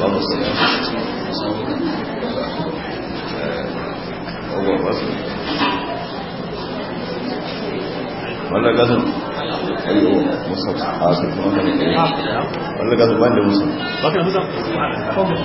vamos wanda ayo musa a wanda ne wanda da musa ba musa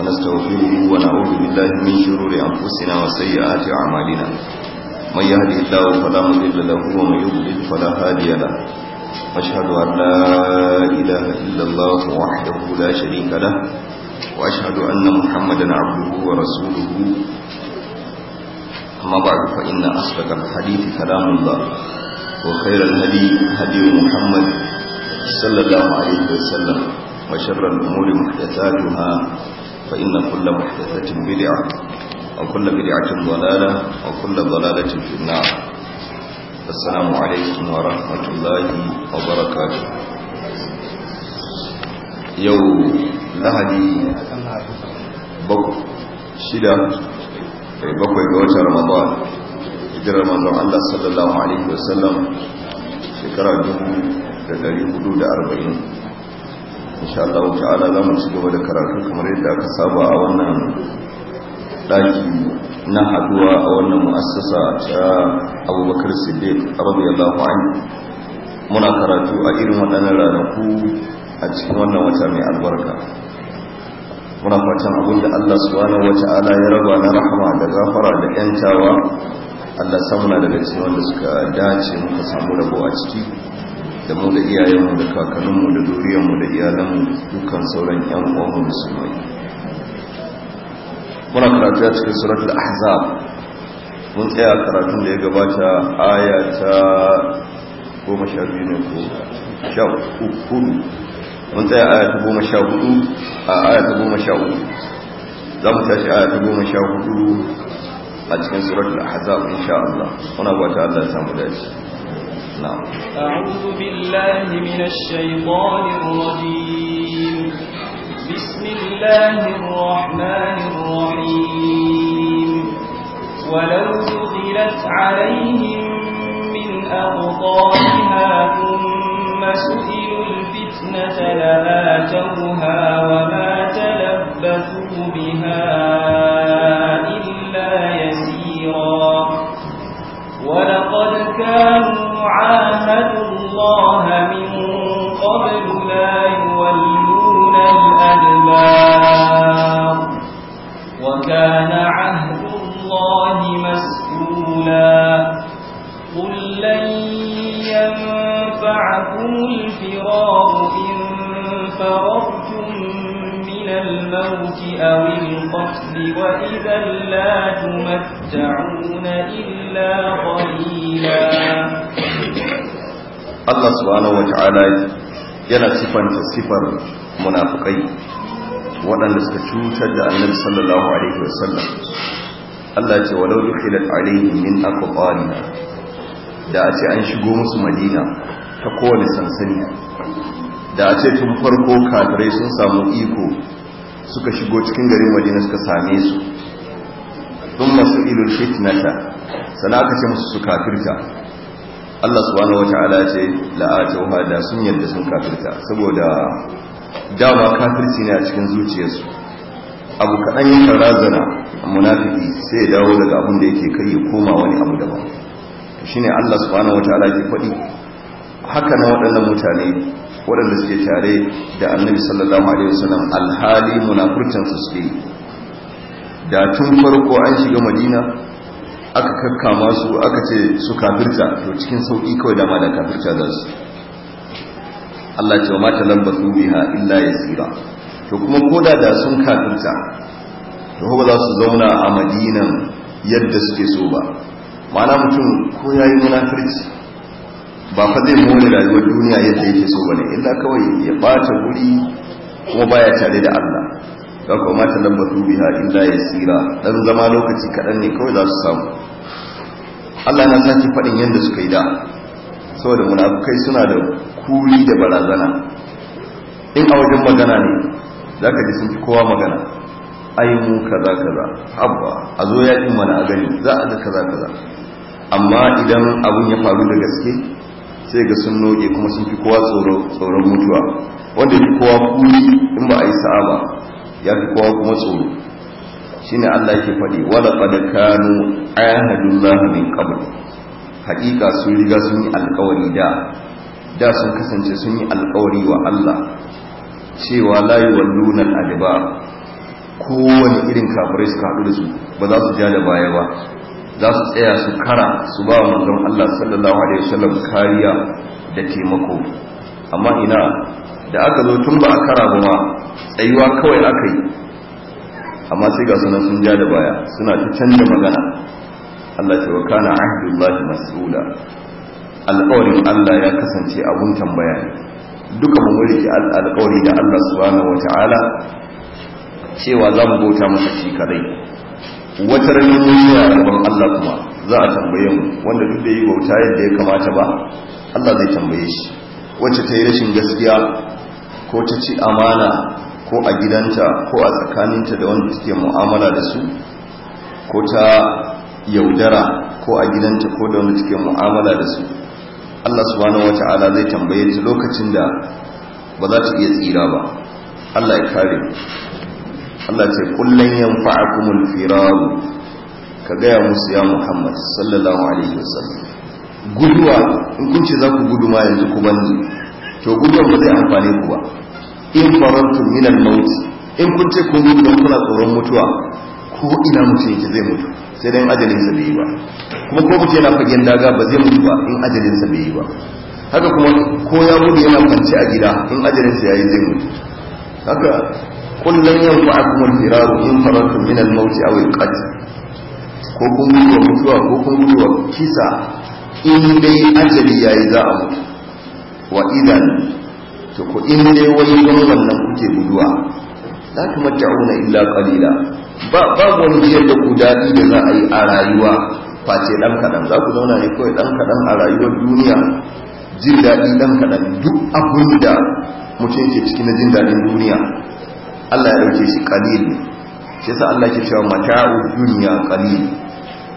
ونستغفره ونعوذ بالله من شرور أنفسنا وسيئات أعمالنا من يهده الله فلا مضل له ومن يضلل فلا هادي له واشهد أن لا إله إلا الله وحده لا شريك له وأشهد أن محمدا عبده ورسوله أما بعد فإن أصدق الحديث كلام الله وخير الهدي هدي محمد صلى الله عليه وسلم وشر الأمور محدثاتها فإن كل محدثة بدعة وكل بدعة ضلالة وكل ضلالة في النار السلام عليكم ورحمة الله وبركاته يوم لهدي بكر شدة بكر جوات رمضان hijirar manzon Allah sallallahu Alaihi wasallam shekara 1440 insha Allah ta'ala za mu ci gaba da karatu kamar yadda aka saba a wannan daki na haduwa a wannan mu'assasa ta Abubakar Siddiq radiyallahu anhu muna karatu a irin waɗannan ranaku a cikin wannan wata mai albarka muna fatan abinda Allah subhanahu wata'ala ya raba na rahama da gafara da yantawa Allah samuna daga cikin wanda suka dace muka samu rabo a ciki da mu da iyayenmu da kakanninmu da mu da iyalanmu dukkan sauran yan uwanmu musulmai muna karatu a cikin suratul ahzab mun tsaya karatun da ya gabata aya ta goma sha biyu ne ko sha hudu mun tsaya aya ta goma sha hudu a aya ta goma sha hudu za mu tashi aya ta goma sha hudu a cikin suratul ahzab insha Allah muna ba ta Allah ya samu dace نعم. أعوذ بالله من الشيطان الرجيم بسم الله الرحمن الرحيم ولو دخلت عليهم من أبطالها ثم سئلوا الفتنة لآتوها وما تلبثوا بها إلا يسيرا ولقد كانوا الله من قبل لا يولون الأدبار وكان عهد الله مسئولا قل لن ينفعكم الفرار إن فررتم من الموت أو القتل وإذا لا تمتعون إلا قليلا Allah subhanahu ta'ala yana sifanta sifar munafukai waɗanda suka cutar da annabi sallallahu alaihi wasallam Allah ce wa walau dukhilat alaihi min aqbaliha da a ce an shigo musu madina ta kowane sansani da a ce tun farko kafirai sun samu iko suka shigo cikin garin madina suka same su sun masu ilul fitnata sana aka ce musu su kafirta Allah subhanahu ta'ala ce ta'uha da sun yarda sun kafirta saboda dama kafirci ne a cikin zuciyarsu abu kaɗan yin razana munafiki sai ya dawo daga abin da yake kai ya koma wani abu daban shine Allah subhanahu ta'ala ke faɗi haka na waɗannan mutane waɗanda suke tare da annabi sallallahu alaihi wasallam alhali munafurcin su suke da tun farko an shiga madina aka kakkama su aka ce su kafirta to cikin sauki kawai dama da kafirta za su Allah ce wa mata su biha illa yasira to kuma koda da sun kafirta to ba za su zauna a madinan yadda suke so ba ma'ana mutum ko yayi munafirci ba fa zai more rayuwar duniya yadda yake so ba ne, illa kawai ya bata wuri kuma baya tare da Allah don kuma ta lambatu biha illa ya tsira dan zama lokaci kaɗan ne kawai za su samu Allah na sake faɗin yadda suka yi da saboda munafukai suna da kuri da barazana in a wajen magana ne za ka ji sun fi kowa magana ai mu kaza kaza abba a zo ya mana a gani za a ga kaza kaza amma idan abun ya faru da gaske sai ga sun noge kuma sun fi kowa tsoron mutuwa wanda fi kowa kuri in ba a yi sa'a ba ya fi kowa kuma tsoro shine Allah yake faɗi wala qad kanu ahadullahi min qabl haƙiƙa sun riga sun yi alƙawari da da sun kasance sun yi alƙawari wa Allah cewa layi wa al-adba kowane irin kafirai suka haɗu da su ba za su ja da baya ba za su tsaya su kara su ba manzon Allah sallallahu alaihi wasallam kariya da taimako amma ina da aka zo tun ba a kara ba ma tsayuwa kawai aka yi amma sai ga sunan sun ja da baya suna ta canza magana Allah ce wa kana ahdullahi mas'ula alƙawarin Allah ya kasance abun tambaya ne duka mun rike alƙawari da Allah subhanahu ta'ala cewa za mu bauta masa shi kadai wata rani mun gaban Allah kuma za a tambaye mu wanda duk da yi bauta yadda ya kamata ba Allah zai tambaye shi wacce ta yi rashin gaskiya ko ta ci amana ko a gidanta ko a tsakaninta da wanda suke mu'amala da su ko ta yaudara ko a gidanta ko da wanda suke mu'amala da su Allah subhanahu ala zai tambaye ta lokacin da ba za ta iya tsira ba Allah ya kare Allah ce kullun yanfa'akumul firaru ka gaya musu ya Muhammad sallallahu alaihi wasallam guduwa in kun ce za ku gudu ma yanzu ku banzu. to guduwa ba zai amfane ku ba in farantu minan mauti in kun ce kun gudu don kuna tsoron mutuwa ko ina mutum yake zai mutu sai dai sa bai yi ba kuma ko mutum yana fagen daga ba zai mutu ba in sa bai yi ba haka kuma ko ya gudu yana kwance a gida in ajalin sa yi zai mutu haka kullum yan a kuma firaru in farantu minan mauti a aw al ko kun gudu mutuwa ko kun gudu kisa in dai ajali yayi za a mutu wa idan to ku in dai wani gwamnan nan kuke guduwa za a tumatta'una illa kalila ba wani jiyar da ku daɗi da za a yi a rayuwa face ɗan kaɗan. za ku zauna ne kawai ɗan kaɗan a rayuwar duniya jin daɗi dan kaɗan. duk abin da mutum ke na jin daɗin duniya Allah ya ɗauke shi ne shi yasa Allah ke cewa mata'u duniya qalil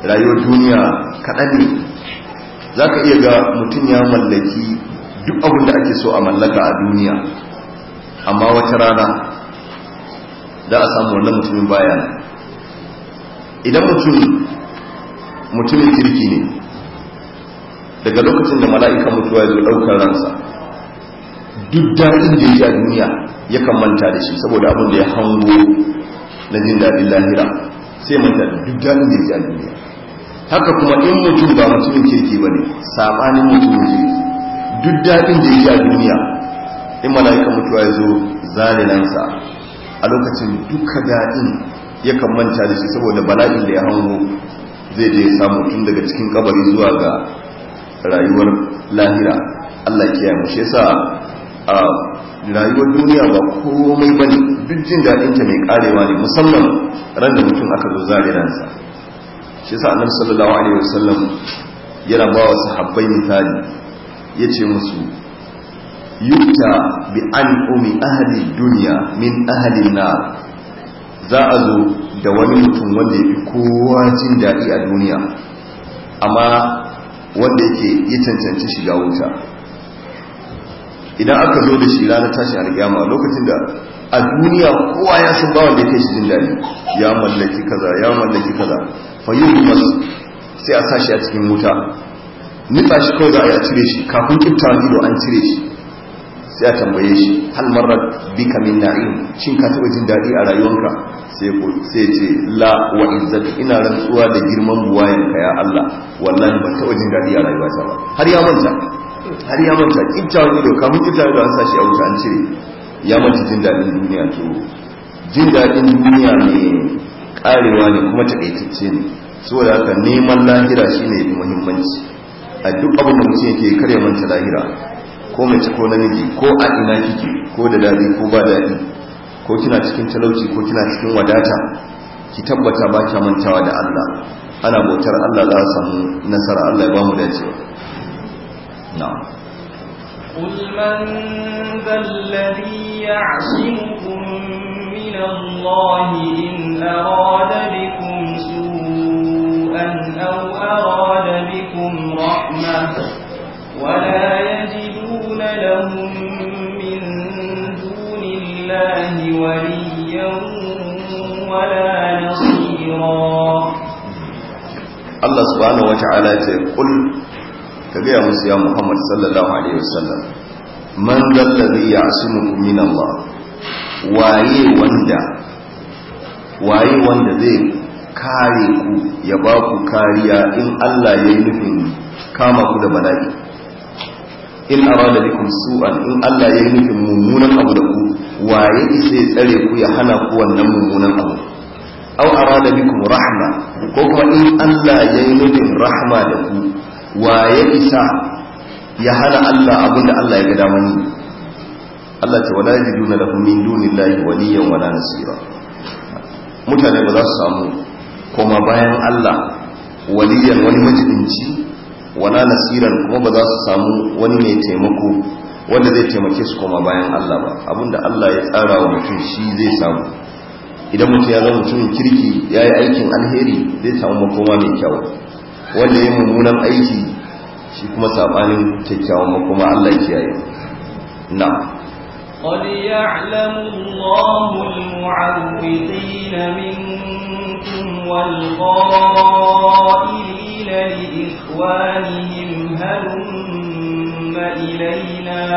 rayuwar duniya kaɗan ne za ka iya ga mutum ya mallaki duk abin da ake so a mallaka a duniya amma wata rana da a samu wannan mutumin bayan idan mutum mutumin kirki ne daga lokacin da mala'ika mutuwa ya zo ɗaukar ransa duk daɗin da ya a duniya ya kan manta da shi saboda abin da ya hango na jin daɗin lahira sai manta da duk daɗin da ya a duniya haka kuma in mutum ba mutumin kirki ba ne saɓanin mutum ne duk daɗin da yake a duniya in mala'ika mutuwa ya zo zalinansa a lokacin duka daɗin yakan manta da shi saboda bala'in da ya hango zai je samu tun daga cikin kabari zuwa ga rayuwar lahira allah kiyaye mu shi yasa a rayuwar duniya ba komai ba ne duk jin daɗinta mai karewa ne musamman ran da mutum aka zo zalinansa shi sa annabi sallallahu alaihi wasallam yana ba wa sahabbai misali yace musu yuta bi an umi ahli dunya min ahli na za a zo da wani mutum wanda ya fi kowa jin daɗi a duniya amma wanda yake ya cancanci shiga wuta idan aka zo da shi ranar tashin alƙiyama lokacin da a duniya kowa ya san ba wanda yake shi jin daɗi ya mallaki kaza ya mallaki kaza masu sai a sa shi a cikin wuta nitsa shi kawai za a yi a cire shi kafin wani ido an cire shi sai a tambaye shi hal marar bi kamin na'im shin ka taɓa jin daɗi a rayuwanka sai ce la wa izzati ina rantsuwa da girman buwayen ka ya Allah wallahi ta taɓa jin daɗi a rayuwata ba har ya manta har ya manta wani ido kafin wani ido an sa shi a wuta an cire ya manta jin daɗin duniya to jin daɗin duniya ne karewa ne kuma takaitacce ne saboda haka neman lahira shine da muhimmanci a duk abin da mutum yake kare manta lahira ko mace ko namiji ko a ina kike ko da daɗi ko ba daɗi ko kina cikin talauci ko kina cikin wadata ki tabbata ba kya mantawa da Allah ana bautar Allah za a samu nasara Allah ya ba mu dacewa na'am قل من ذا الذي يعصمكم من الله إن أراد بكم سوءا أو أراد بكم رحمة ولا يجدون لهم من دون الله وليا ولا نصيرا الله سبحانه وتعالى يقول ka gaya musu ya muhammad sallallahu alaihi wasallam man dallazi ya'simukum min Allah waye wanda waye wanda zai kare ku ya ba ku kariya in Allah ya yi nufin kama ku da bala'i in arada bikum su'an in Allah ya yi nufin mummunan abu da ku waye isa ya tsare ku ya hana ku wannan mummunan abu aw arada bikum rahma ko kuma in Allah ya yi nufin rahma da ku wa ya isa ya hana Allah abin da Allah ya gada damar Allah ta wala da lahum min dunillahi waliyan wala nasira mutane ba za su samu kuma bayan Allah waliyan wani majidinci wala nasiran kuma ba za su samu wani mai taimako wanda zai taimake su koma bayan Allah ba abinda Allah ya tsara wa mutum shi zai samu idan mutum ya zama mutumin kirki ya yi aikin alheri zai samu makoma mai kyau wanda ya mummunan aiki shi kuma sabanin kyakkyawan makoma Allah kiyaye na قد يعلم الله المعوقين منكم والقائلين لإخوانهم هلم إلينا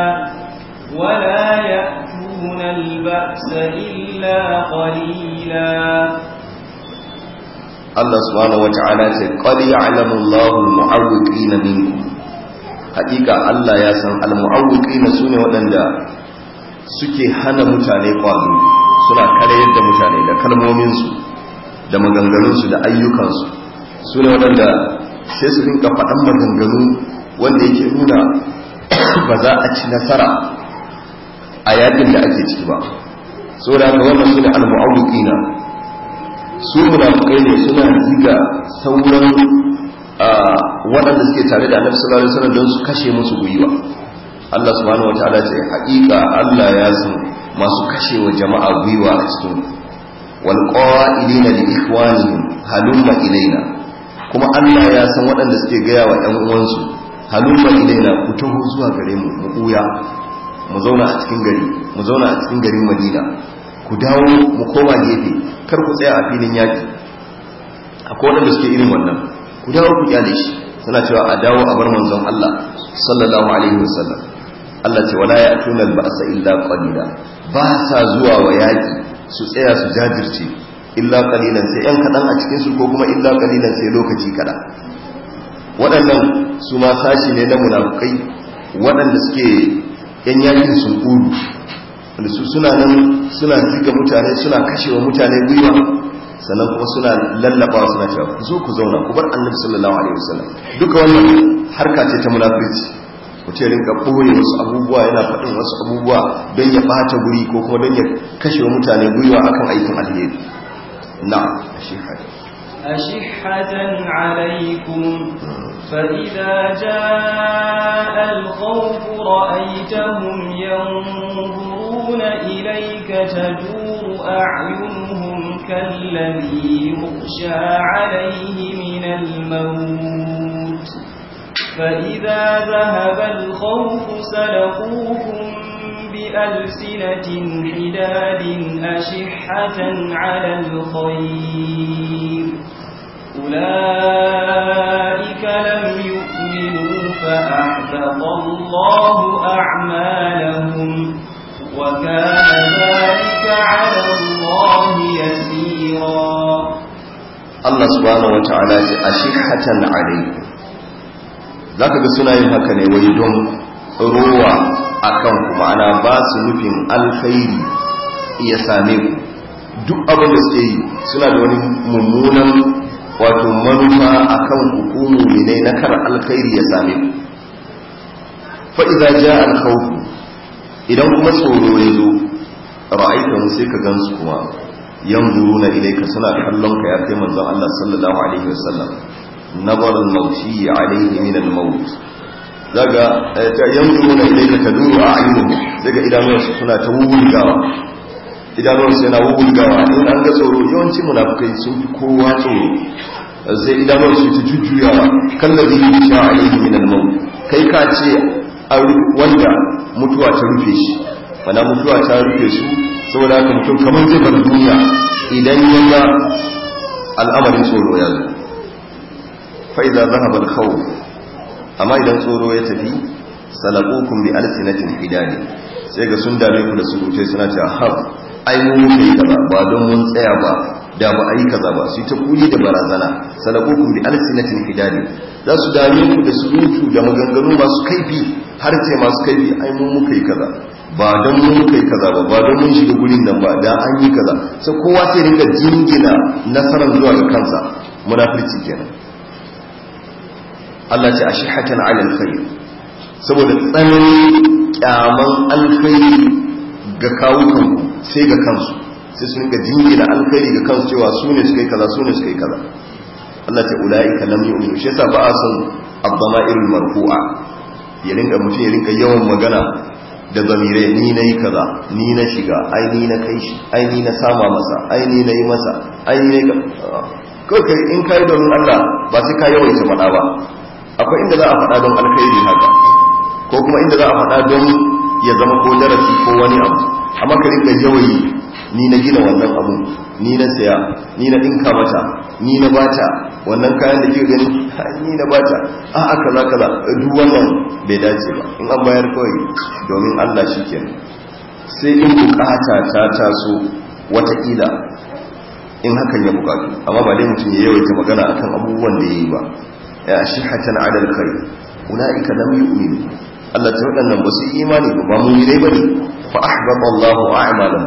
ولا يأتون البأس إلا قليلاً Allah subhanahu wata'ala ce qad ya'lamu Allahu al-mu'awwiqina hakika Allah ya san al su sune waɗanda suke hana mutane kwazo suna kare yadda mutane da kalmomin su da maganganun su da ayyukan su sune waɗanda sai su rinka faɗan maganganu wanda yake nuna ba za a ci nasara a yakin da ake ciki ba saboda haka wannan sune al muawwiqin su munafukai ne suna ziga sauran waɗanda suke tare da annabi sallallahu alaihi don su kashe musu gwiwa Allah subhanahu wataala ce haƙiƙa Allah ya san masu kashe jama'a gwiwa a cikin wal qa'ilina li ikhwanihim halumma ilaina kuma Allah ya san waɗanda suke gaya wa ɗan uwansu halumma ilaina ku taho zuwa gare mu mu mu zauna a cikin gari mu zauna a cikin garin Madina ku dawo mu koma gefe kar ku tsaya a filin yaki akwai wanda suke irin wannan ku dawo ku kyale shi suna cewa a dawo a bar manzon Allah sallallahu alaihi wasallam Allah ce wala ya tuna ba'sa illa qalila ba sa zuwa wa yaki su tsaya su jajirce illa qalilan sai yan kadan a cikin su ko kuma illa qalilan sai lokaci kada waɗannan su ma sashi ne na munafukai waɗanda suke yan yakin sun kuru su suna nan suna zika mutane suna kashewa mutane gwiwa sannan kuma suna lallaba suna cewa ku zo ku zauna ku bar annabi sallallahu alaihi wasallam duka wannan harka ce ta munafiki ku ce rinka ɓoye wasu abubuwa yana faɗin wasu abubuwa don ya ɓata guri ko kuma don ya kashe mutane gwiwa akan aikin alheri na shekara أشحة عليكم فإذا جاء الخوف رأيتهم ينظرون ينظرون إليك تجور أعينهم كالذي يخشى عليه من الموت فإذا ذهب الخوف سلقوكم بألسنة حداد أشحة على الخير أولئك لم يؤمنوا فأعبط الله أعمالهم Allah وكان hatan alai za ka ga suna وتعالى haka ne ذاك don ruwa a kan kuma ma'ana ba su nufin alkhairi iya same ku duk abin da suke yi suna da wani mummunan wato manufa kan hukumu ne na kar alkhairi ya same ku Fa'iza idza jaa idan kuma tsoro ya zo ra'aitahum sai ka gansu kuma Yan buru na ilai ka suna kallon ka ya kai manzon Allah sallallahu alaihi wasallam mauti mawti alaihi min al-maut daga ka duru a a'yunuhum daga idanunsu suna ta wulgawa idanunsu yana wulgawa in an ga tsoro yawanci munafukai sun fi kowa tsoro sai idanunsu ta jujjuyawa kallabi sha alaihi min al-maut kai ka ce wanda mutuwa ta rufe shi wana mutuwa ta rufe su saboda haka mutum kamar zai bar duniya idan ya ga al'amarin tsoro ya zo fa'iza zahabar hau. amma idan tsoro ya tafi salakokun bi alsinatin hidani sai ga sun dame ku da surutai suna ta hab ainihin ba don mun tsaya ba da ba ayi kaza ba su ta kuli da barazana salakokun bi alsinatin hidari za su dame ku da surutu da maganganu masu kaifi har ce masu kaifi ai mun muka yi kaza ba don mun muka yi kaza ba ba don mun shiga gurin nan ba da an yi kaza sai kowa sai rinka jingina nasarar zuwa ga kansa munafurci kenan Allah ce hakan ala alkhair saboda tsananin kyaman alkhairi ga kawukan sai ga kansu sai su jini jingina alkhairi ga kansu cewa su ne suka yi kaza su ne suka yi kaza Allah ta ulaika lam yu'minu shi yasa ba a son irin marfu'a ya rinka mutum ya rinka yawan magana da zamire ni na yi kaza ni na shiga ai ni na kai shi ai ni na sama masa ai ni na yi masa ai ni na kai in kai don Allah ba sai ka yawaita faɗa ba akwai inda za a faɗa don alkhairi haka ko kuma inda za a faɗa don ya zama ko darasi ko wani abu amma ka rinka yawayi ni na gina wannan abu ni na saya ni na dinka mata ni na bata wannan kayan da ke gani ni na bata a a kaza kaza duk wannan bai dace ba in an bayar kawai domin Allah shi ke. sai in bukata ta taso wataƙila in hakan ya bukatu amma ba dai mutum ya yawaita magana akan abubuwan da ya yi ba ya shi hatan adal kare ula'ika lam yu'minu Allah ta waɗannan ba su imani ba mu yi dai bane fa ahbata Allahu a'malahum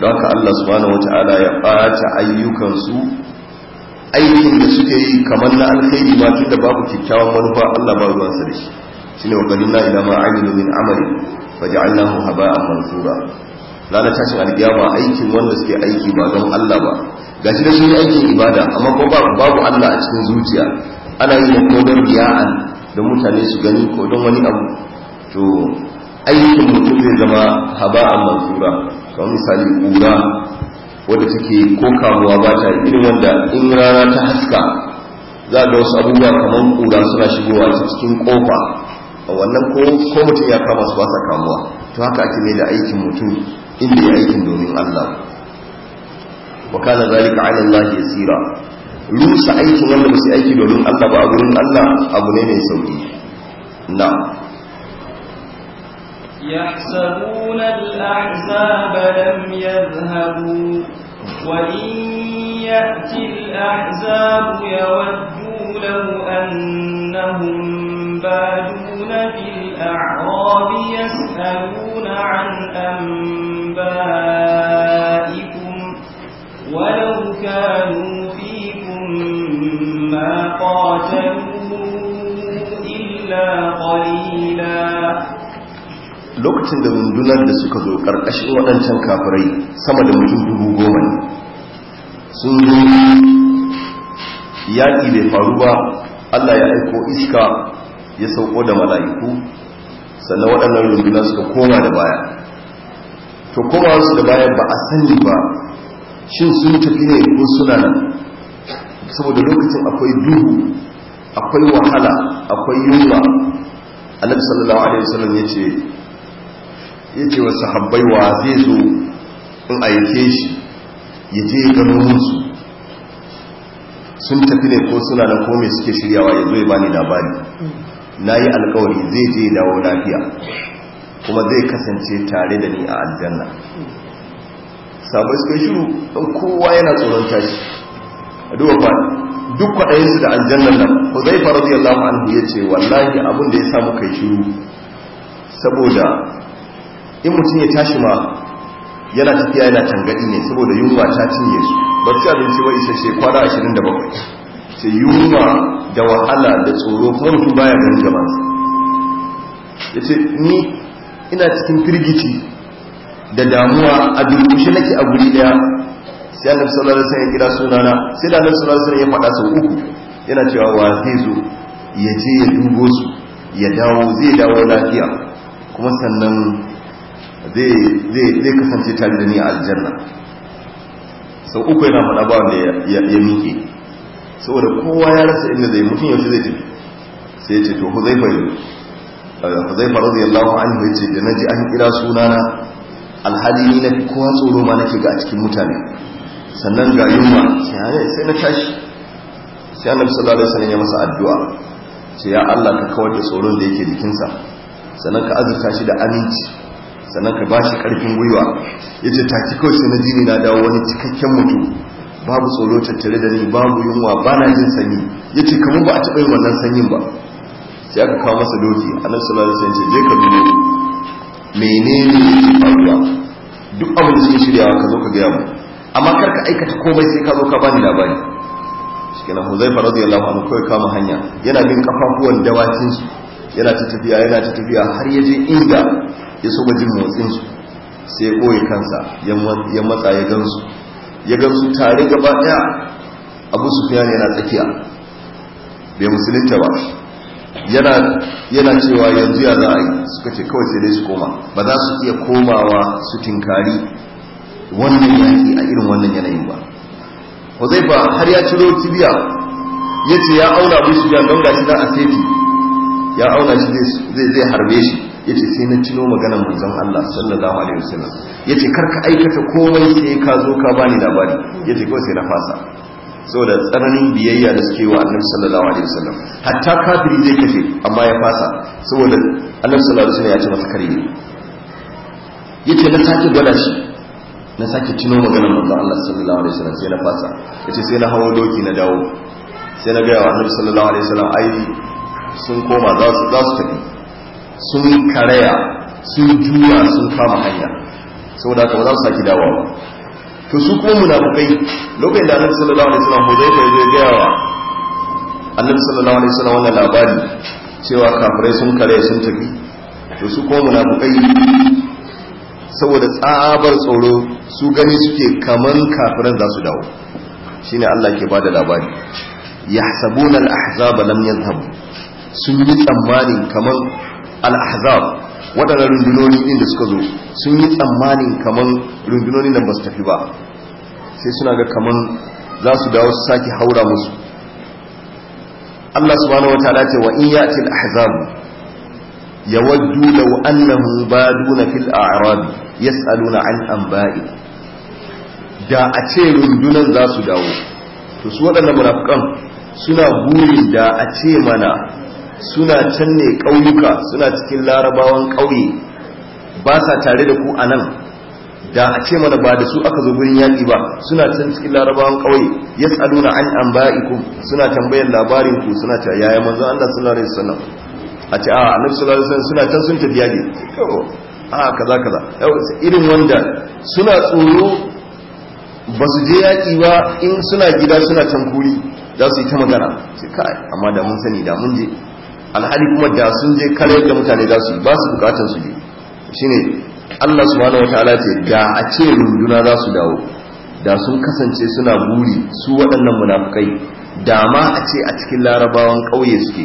don haka Allah subhanahu wataala ya ɓata ayyukansu aikin da suke yi kamar na alkhairi ma da babu kyakkyawan manufa Allah ba ruwan sa da shi shine wa na ila ma amilu min amali faj'alnahu haba'an mansura lana tashin alkiyama aikin wanda suke aiki ba don Allah ba gashi da shi aikin ibada amma ko babu Allah a cikin zuciya ana yin ko don riya'an da mutane su gani ko don wani abu to aikin mutum zai zama haba a manzura kamar misali ƙura wadda take ko kamuwa ba ta irin wanda in rana ta haska za ga wasu abubuwa kamar ƙura suna shigowa ta cikin ƙofa a wannan ko mutum ya kama su ba sa kamuwa to haka ake mai da aikin mutum inda ya aikin domin Allah wa kana zalika ala Allah yasira rusa aikin wanda ba su aiki domin Allah ba a gurin Allah abu ne mai sauki na. يحسبون الأحزاب لم يذهبوا وإن يأتي الأحزاب يودوا لو أنهم بادون بالأعراب يسألون عن أنبائكم ولو كانوا فيكم ما قاتلوا إلا قليلاً lokacin da rundunar da suka zo ƙarƙashin waɗancan kafirai sama da mutum dubu goma ne sun zo yaƙi bai faru ba allah ya aiko iska ya sauko da mala'iku sannan waɗannan rundunar suka koma da baya to koma su da baya ba a sani ba shin sun tafi ne ko suna nan saboda lokacin akwai duhu akwai wahala akwai yunwa annabi sallallahu alaihi wasallam yace ya ce wa sahabbai wa zai zo in aike shi ya je gano su sun tafi ne ko suna da kome suke shiryawa ya zo ya bani labari na yi alkawari zai je dawo lafiya kuma zai kasance tare da ni a aljanna sabon suka shiru don kowa yana tsoron tashi a duba ba duk su da aljannan nan ko zai faru da yallahu anhu ya ce wallahi abin da ya samu kai shiru saboda in mutum ya tashi ma yana tafiya yana tangadi ne saboda yunwa ta cinye su ba ci abinci ba isa ce 27 sai yunwa da wahala da tsoro kuma mutum baya ganin gabansa ya ce ni ina cikin firgici da damuwa a durkushe nake a guri daya sai an sallallahu ya kira sunana sai da annabi sallallahu alaihi ya faɗa sau uku yana cewa wa zai zo ya je ya dubo su ya dawo zai dawo lafiya kuma sannan zai kasance tare da ni a aljanna sau uku yana faɗa ba wanda ya miƙe saboda kowa ya rasa inda zai mutum yaushe zai tafi sai ya ce to fara zai lafa an yi ce da na ji an kira sunana alhali ni na kowa tsoro ma nake ga a cikin mutane sannan ga yunwa sai na tashi sai annabi sallallahu alaihi wasallam ya masa addu'a ce ya Allah ka kawar da tsoron da yake jikinsa sannan ka azurta shi da aminci sannan ka shi karfin gwiwa yace taki kawai sai na jini na dawo wani cikakken mutum babu tsoro tattare da ni babu yunwa ba na jin sanyi yace kamar ba a taɓa yin wannan sanyin ba sai aka kawo masa doki annabi sallallahu alaihi wasallam ce ka dubo menene yake faruwa duk abin da suke shiryawa ka zo ka gaya mu amma kar ka aikata komai sai ka zo ka bani labari shikenan Huzaifa radiyallahu anhu kawai kama hanya yana bin kafafuwan dawakinsu. yana ta tafiya yana ta tafiya har ya je inda ya soma jin motsinsu sai ya koya kansa ya matsa ya gansu ya gansu tare gaba daya abu sufiyan yana tsakiya bai musulunta ba yana cewa yanzu ya za a suka ce kawai sai dai su koma ba za su iya komawa su tinkari wannan yaki a irin wannan yanayin ba ba har ya ciro tibiya ya ce ya auna su ya don gashi na a seti ya auna shi zai harbe shi yace sai na tuno maganar manzon Allah sallallahu alaihi wasallam yace kar ka aikata komai sai ka zo ka bani labari yace kawai sai na fasa saboda tsananin biyayya da suke wa annabi sallallahu alaihi wasallam hatta kafiri zai kafe amma ya fasa saboda annabi sallallahu alaihi wasallam ya ce masa kare ne yace na sake gwada shi na sake tuno maganar manzon Allah sallallahu alaihi wasallam sai na fasa yace sai na hawo doki na dawo sai na ga wa annabi sallallahu alaihi wasallam ai sun koma za su tafi sun karaya sun juya sun kama hanya saboda haka za su saki dawa ba to su kuma munafukai lokacin da annabi sallallahu alaihi wasallam hudayfa ya gaya wa annabi sallallahu alaihi wasallam wannan labari cewa kafirai sun karaya sun tafi to su kuma munafukai saboda tsabar tsoro su gani suke kaman kafiran za su dawo shine Allah ke bada labari yahsabuna al-ahzaba lam yadhhabu sun yi tsammanin kaman al-ahzab waɗannan rundunoni ɗin da suka zo sun yi tsammanin kamar rundunoni da basu tafi ba sai suna ga kamar za su dawo su sake haura musu Allah subhanahu wataala ce wa in ya'ti al-ahzab yawaddu law annahum baduna fil a'rab yas'aluna an anba'i da a ce rundunan za su dawo to su waɗannan munafikan suna burin da a ce mana suna can ne ƙauyuka suna cikin larabawan ƙauye ba sa tare da ku a nan da a ce mana ba da su aka zo gurin yaƙi ba suna can cikin larabawan ƙauye ya na an an suna tambayar labarin ku suna ta yaya manzo Allah sallallahu alaihi wasallam a ce a annabi sallallahu alaihi suna can sun tafi yaƙi a kaza kaza irin wanda suna tsoro ba su je yaƙi ba in suna gida suna can kuri za su yi ta magana sai kai amma da mun sani da mun je alhali kuma da sun je kare da mutane za su ba su bukatar su je shine Allah subhanahu wataala ce da a ce runduna za su dawo da sun kasance suna buri su waɗannan munafukai da ma a ce a cikin larabawan ƙauye suke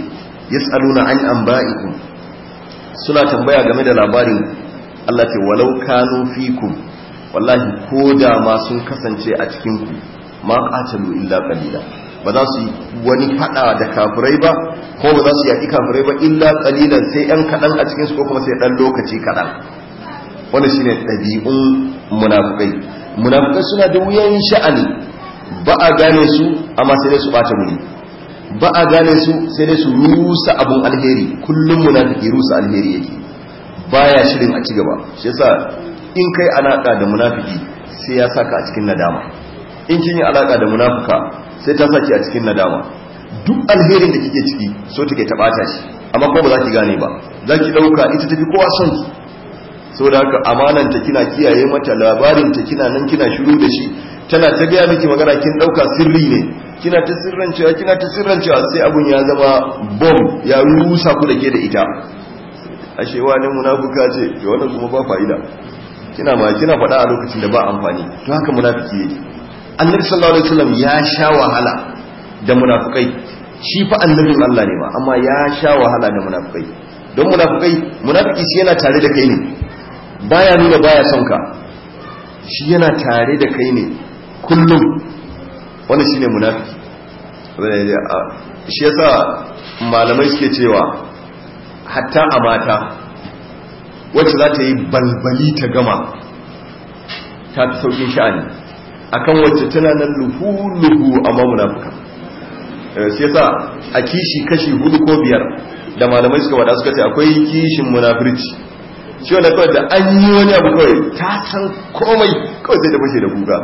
yas'aluna an anba'ikum suna tambaya game da labarin Allah ce walau kanu fikum wallahi ko da ma sun kasance a cikin ku ma qatalu illa qalila ba za su wani fada da kafirai ba ko ba za su yaki kafirai ba illa kalilan sai yan kadan a cikin su ko kuma sai dan lokaci kadan wannan shine dabi'un munafikai munafikai suna da wuyan sha'ani ba a gane su amma sai dai su bata muni ba a gane su sai dai su rusa abun alheri kullum munafiki rusa alheri yake baya shirin a cigaba. gaba shi yasa in kai alaka da munafiki sai ya saka a cikin nadama in kin yi alaka da munafuka sai ta saki a cikin nadama duk alherin da kike ciki so take ta bata shi amma kuma ba za ki gane ba za ki dauka ita tafi kowa son ki da haka amanan ta kina kiyaye mata labarin ta kina nan kina shiru da shi tana ta gaya miki magana kin dauka sirri ne kina ta sirrancewa kina ta sirrancewa sai abun ya zama bom ya rusa ku da ke da ita ashe wani munafuka ce to wannan kuma ba fa'ida kina ma kina faɗa a lokacin da ba amfani to haka munafiki yake annabi sallallahu alaihi wasallam ya sha wahala da munafikai shi fa annabin Allah ne ma amma ya sha wahala da munafukai don munafikai munafiki shi yana tare da kai ne baya nuna baya son ka shi yana tare da kai ne kullum wannan shine munafiki shi yasa malamai suke cewa hatta a mata wacce za ta yi balbali ta gama ta fi sauƙin sha'ani akan wacce tana nan luhu-luhu amma fuka eh, shi yasa a kishi kashi hudu ko biyar da malamai suka wada suka ce akwai kishin munafurci shi wanda kawai da an yi wani abu kawai ta san komai kawai sai da bashi da kuka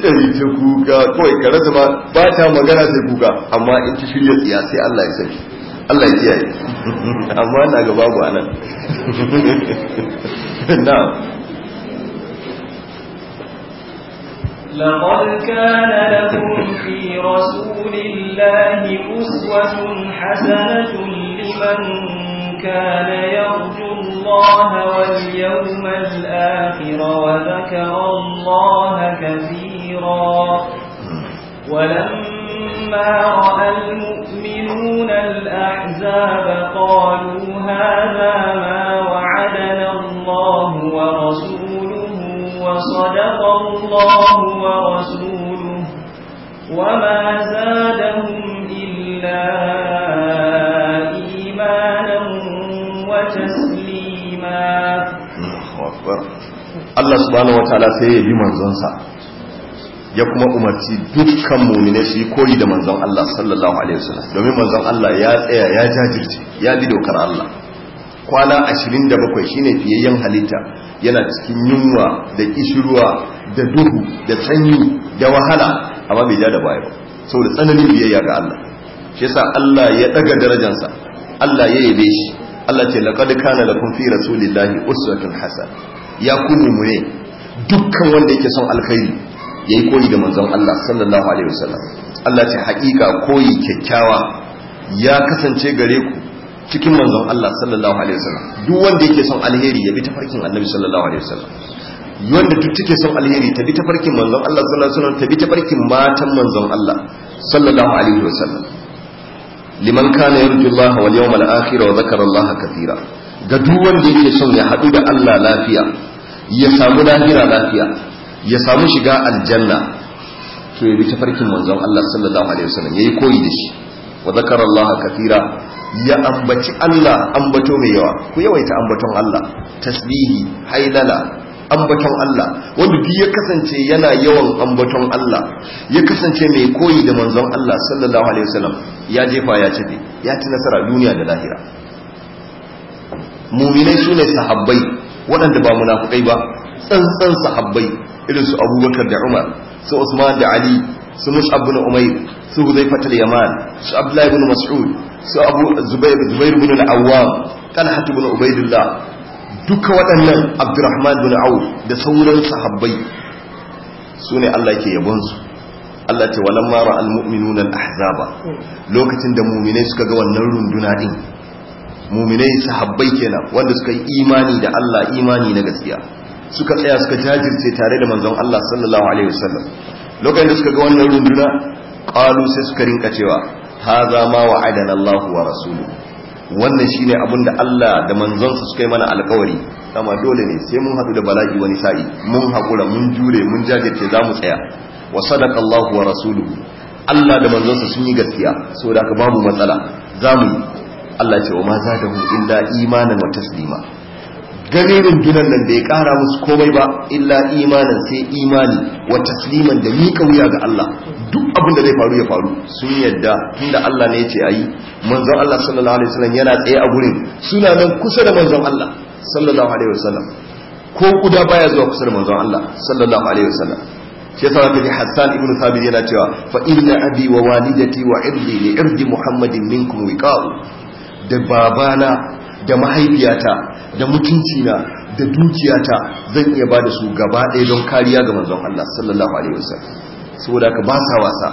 ɗari ta kuka kawai ka rasa ba ba ta magana sai kuka amma in ci shirya tsiya sai Allah ya sani Allah ya kiyaye amma na gaba babu anan na'am لقد كان لكم في رسول الله أسوة حسنة لمن كان يرجو الله واليوم الآخر وذكر الله كثيرا ولما رأى المؤمنون الأحزاب قالوا هذا ما وعدنا الله ورسوله وصدق الله ورسوله وما زادهم إلا إيمانا وتسليما Allah subhanahu wa ta'ala sai ya bi manzonsa ya kuma umarci dukkan muminai su yi koyi da manzon Allah sallallahu alaihi wasallam domin manzon Allah ya tsaya ya jajirce ya bi dokar Allah kwana 27 shine fiyayyen halitta yana cikin yunwa da kishirwa da duhu da sanyi da wahala amma bai ja da baya ba saboda tsananin biyayya ga Allah shi yasa Allah ya daga darajarsa Allah ya yabe shi Allah ce laqad kana lakum fi rasulillahi uswatun hasana ya kunu mune dukkan wanda yake son alkhairi yayi koyi da manzon Allah sallallahu alaihi wasallam Allah ce haƙiƙa koyi kyakkyawa ya kasance gare ku cikin manzon Allah sallallahu alaihi wasallam duk wanda yake son alheri ya bi tafarkin annabi sallallahu alaihi wasallam wanda duk take son alheri ta bi tafarkin manzon Allah sallallahu alaihi wasallam ta bi tafarkin matan manzon Allah sallallahu alaihi wasallam liman kana yarju Allah wal yawmal akhir wa dhakara Allah kathira ga duk wanda yake son ya hadu da Allah lafiya ya samu lahira lafiya ya samu shiga aljanna to ya bi tafarkin manzon Allah sallallahu alaihi wasallam yayi koyi da shi wa dhakara Allah kathira ya ambaci Allah ambato mai yawa ku yawaita ambaton Allah tasbihi hailala ambaton Allah wanda duk ya kasance yana yawan ambaton Allah ya kasance mai koyi da manzon Allah sallallahu alaihi wasallam ya jefa ya ci ya ci nasara duniya da lahira muminai sune sahabbai waɗanda ba munafukai ba tsantsan sahabbai irin su Abubakar da Umar su Usman da Ali su mus'ab bin umayr su hudayfa al yaman su abdullah ibn mas'ud su abu zubair zubair ibn al-awwam talha ibn duka waɗannan abdurrahman bin auf da sauran sahabbai su ne Allah ke yabonsu Allah ce nan mara al-mu'minun al-ahzaba lokacin da mu'minai suka ga wannan runduna din mu'minai sahabbai kenan wanda suka yi imani da Allah imani na gaskiya suka tsaya suka jajirce tare da manzon Allah sallallahu alaihi wasallam lokacin da suka ga wannan runduna qalu sai suka rinka cewa haza ma wa'adana Allah wa rasuluhu wannan shine abin da Allah da manzonsa suka yi mana alkawari kama dole ne sai mun haɗu da bala'i wani sa'i mun haƙura mun jure mun jajirce za mu tsaya wa sadaka Allah wa rasuluhu Allah da manzonsa sun yi gaskiya saboda haka babu matsala za mu yi Allah ce wa ma za da illa imanin wa taslima garirin dunan nan bai kara musu komai ba illa imanin sai imani wa tasliman da miƙa wuya ga Allah duk abin da zai faru ya faru sun yadda tunda Allah ne ya ce ayi manzon Allah sallallahu alaihi wasallam yana tsaye a gurin suna nan kusa da manzon Allah sallallahu alaihi wasallam ko kuda baya zuwa kusa da manzon Allah sallallahu alaihi wasallam shi yasa zaka ji Hassan ibn Thabit yana cewa fa inna abi wa walidati wa irdi li irdi Muhammadin minkum wiqa'u da babana da mahaifiyata da mutuncina da dukiyata zan iya ba da su gaba ɗaya don kariya ga manzon Allah sallallahu alaihi wasallam saboda ka ba sa wasa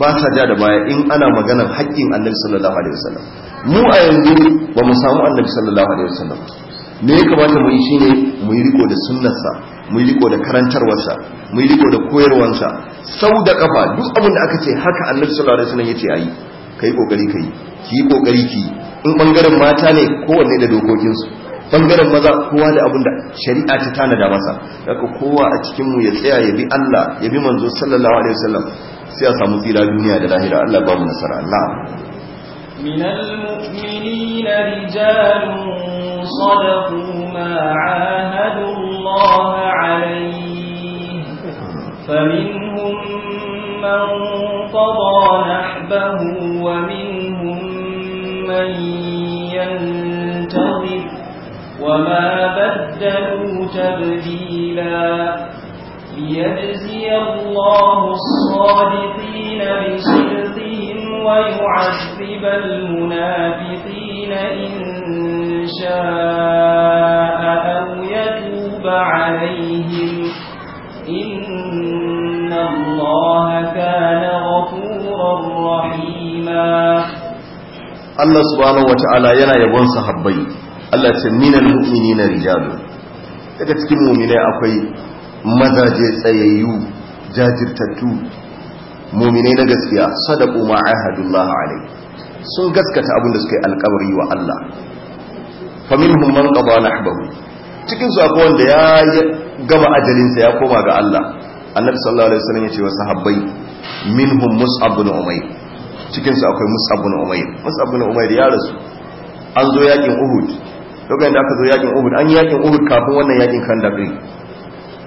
ba sa ja da baya in ana maganar haƙƙin annabi sallallahu alaihi wasallam mu a yanzu ba mu samu annabi sallallahu alaihi wasallam me ya kamata mu yi shine mu yi riko da sunnarsa mu yi riko da karantarwarsa mu yi riko da koyarwarsa sau da kafa duk abin da aka ce haka annabi sallallahu alaihi wasallam yace ayi kai kokari kai ki yi kokari ki in bangaren mata ne kowanne da dokokinsu bangaren maza kowa da abin da shari'a ta tanada masa daga kowa a cikinmu ya tsaya ya bi Allah ya bi manzo sallallahu alaihi wasallam sai a samu tsira duniya da lahira Allah ba mu nasara Allah من المؤمنين رجال صدقوا ما عاهدوا الله عليه فمنهم من قضى نحبه ومنهم من ينتظر وما بدلوا تبديلا ليجزي الله الصادقين بصدقهم ويعذب المنافقين إن شاء أو يتوب عليهم إن الله كان غفورا رحيما Allah subhanahu ta'ala yana yabon sahabbai Allah ce minal na rijalu daga cikin mu'minai akwai mazaje tsayayyu jajirtattu mu'minai na gaskiya sadaqu ma ahadullah alaihi sun gaskata abin da suka yi alkawari wa Allah Fa minhum man qada nahbahu cikin su akwai wanda ya gama ajalinsa ya koma ga Allah annabi sallallahu alaihi wasallam ya ce wa sahabbai minhum mus'ab bin umayr cikinsu akwai mus'ab bin umair mus'ab bin umair ya rasu an zo yakin uhud lokacin da aka zo yakin uhud an yi yakin uhud kafin wannan yakin khandaq din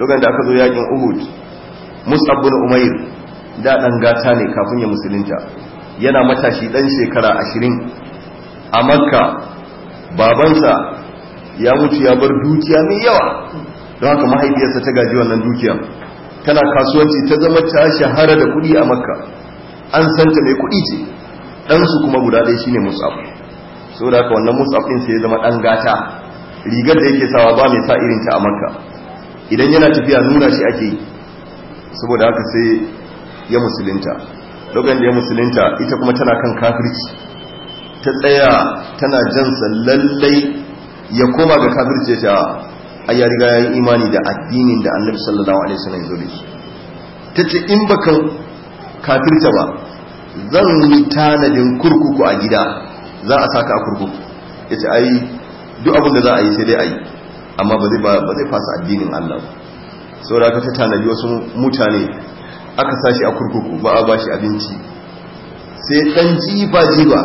lokacin da aka zo yakin uhud mus'ab bin umair da dan gata ne kafin ya musulunta yana matashi dan shekara 20 a makka babansa ya mutu ya bar dukiya mai yawa don haka mahaifiyarsa ta gaji wannan dukiya tana kasuwanci ta zama ta shahara da kuɗi a makka an san ta mai kuɗi ce ɗansu kuma guda ɗaya shine mus'ab da haka wannan mus'ab ɗin sai ya zama ɗan gata rigar da yake sawa ba mai sa irin ta a makka idan yana tafiya nuna shi ake saboda haka sai ya musulunta lokacin da ya musulunta ita kuma tana kan kafirci ta tsaya tana jan lallai ya koma ga kafirci ta ah, ai ya riga ya yi imani da addinin da annabi sallallahu alaihi wasallam ya zo da shi ta ce in baka kafirta ba zan yi tanadin kurkuku a gida za a saka a kurkuku ya ce ai duk abin da za a yi sai dai a yi amma ba zai fasa addinin Allah saboda aka ta tanadi wasu mutane aka sashi a kurkuku ba a bashi abinci sai dan jiba jiba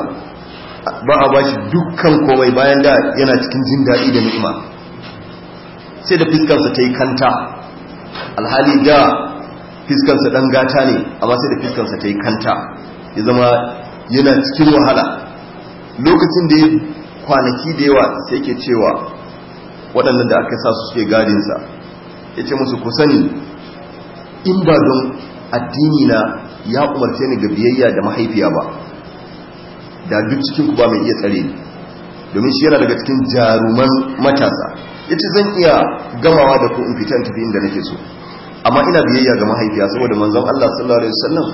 ba a bashi dukkan komai bayan da yana cikin jin daɗi da ni'ima sai da fiskarsa ta yi kanta alhali da fiskansa ɗan gata ne amma sai da fiskansa ta yi kanta ya zama yana cikin wahala lokacin da ya kwanaki da yawa sai ke cewa waɗannan da aka sa su suke gadinsa ya ce musu ku sani in ba don addini na ya umarce ni ga biyayya da mahaifiya ba da duk cikin ku ba mai iya tsare domin shi yana daga cikin jaruman matasa ya zan iya gamawa da ku in fita in tafi inda nake so amma ina biyayya ga mahaifiya saboda manzon Allah sallallahu alaihi wasallam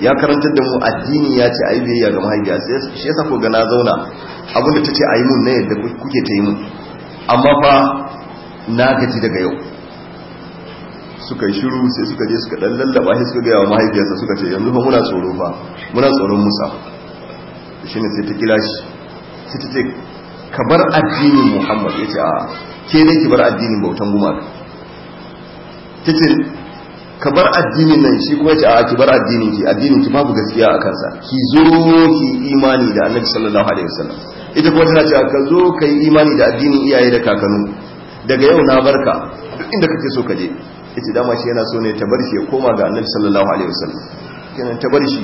ya karantar da mu addini ya ce ayi biyayya ga mahaifiya shi yasa ko ga na zauna abinda tace ayi mun ne yadda kuke ta yi mun amma fa na gaji daga yau suka yi shiru sai suka je suka dan lallaba shi suka gaya wa mahaifiyarsa suka ce yanzu fa muna tsoro fa muna tsoron Musa shine sai ta kira shi sai ta ce ka bar addinin Muhammad yace a ke ne ki bar addinin bautan gumaka tace ka bar addinin nan shi kuma ce a ki bar addinin ki addinin ki babu gaskiya a kansa ki zo ki imani da annabi sallallahu alaihi wasallam ita kuma tana cewa ka zo ka yi imani da addinin iyaye da kakanu daga yau na barka duk inda kake so ka je ita dama shi yana so ne ta bar shi ya koma ga annabi sallallahu alaihi wasallam kenan ta bar shi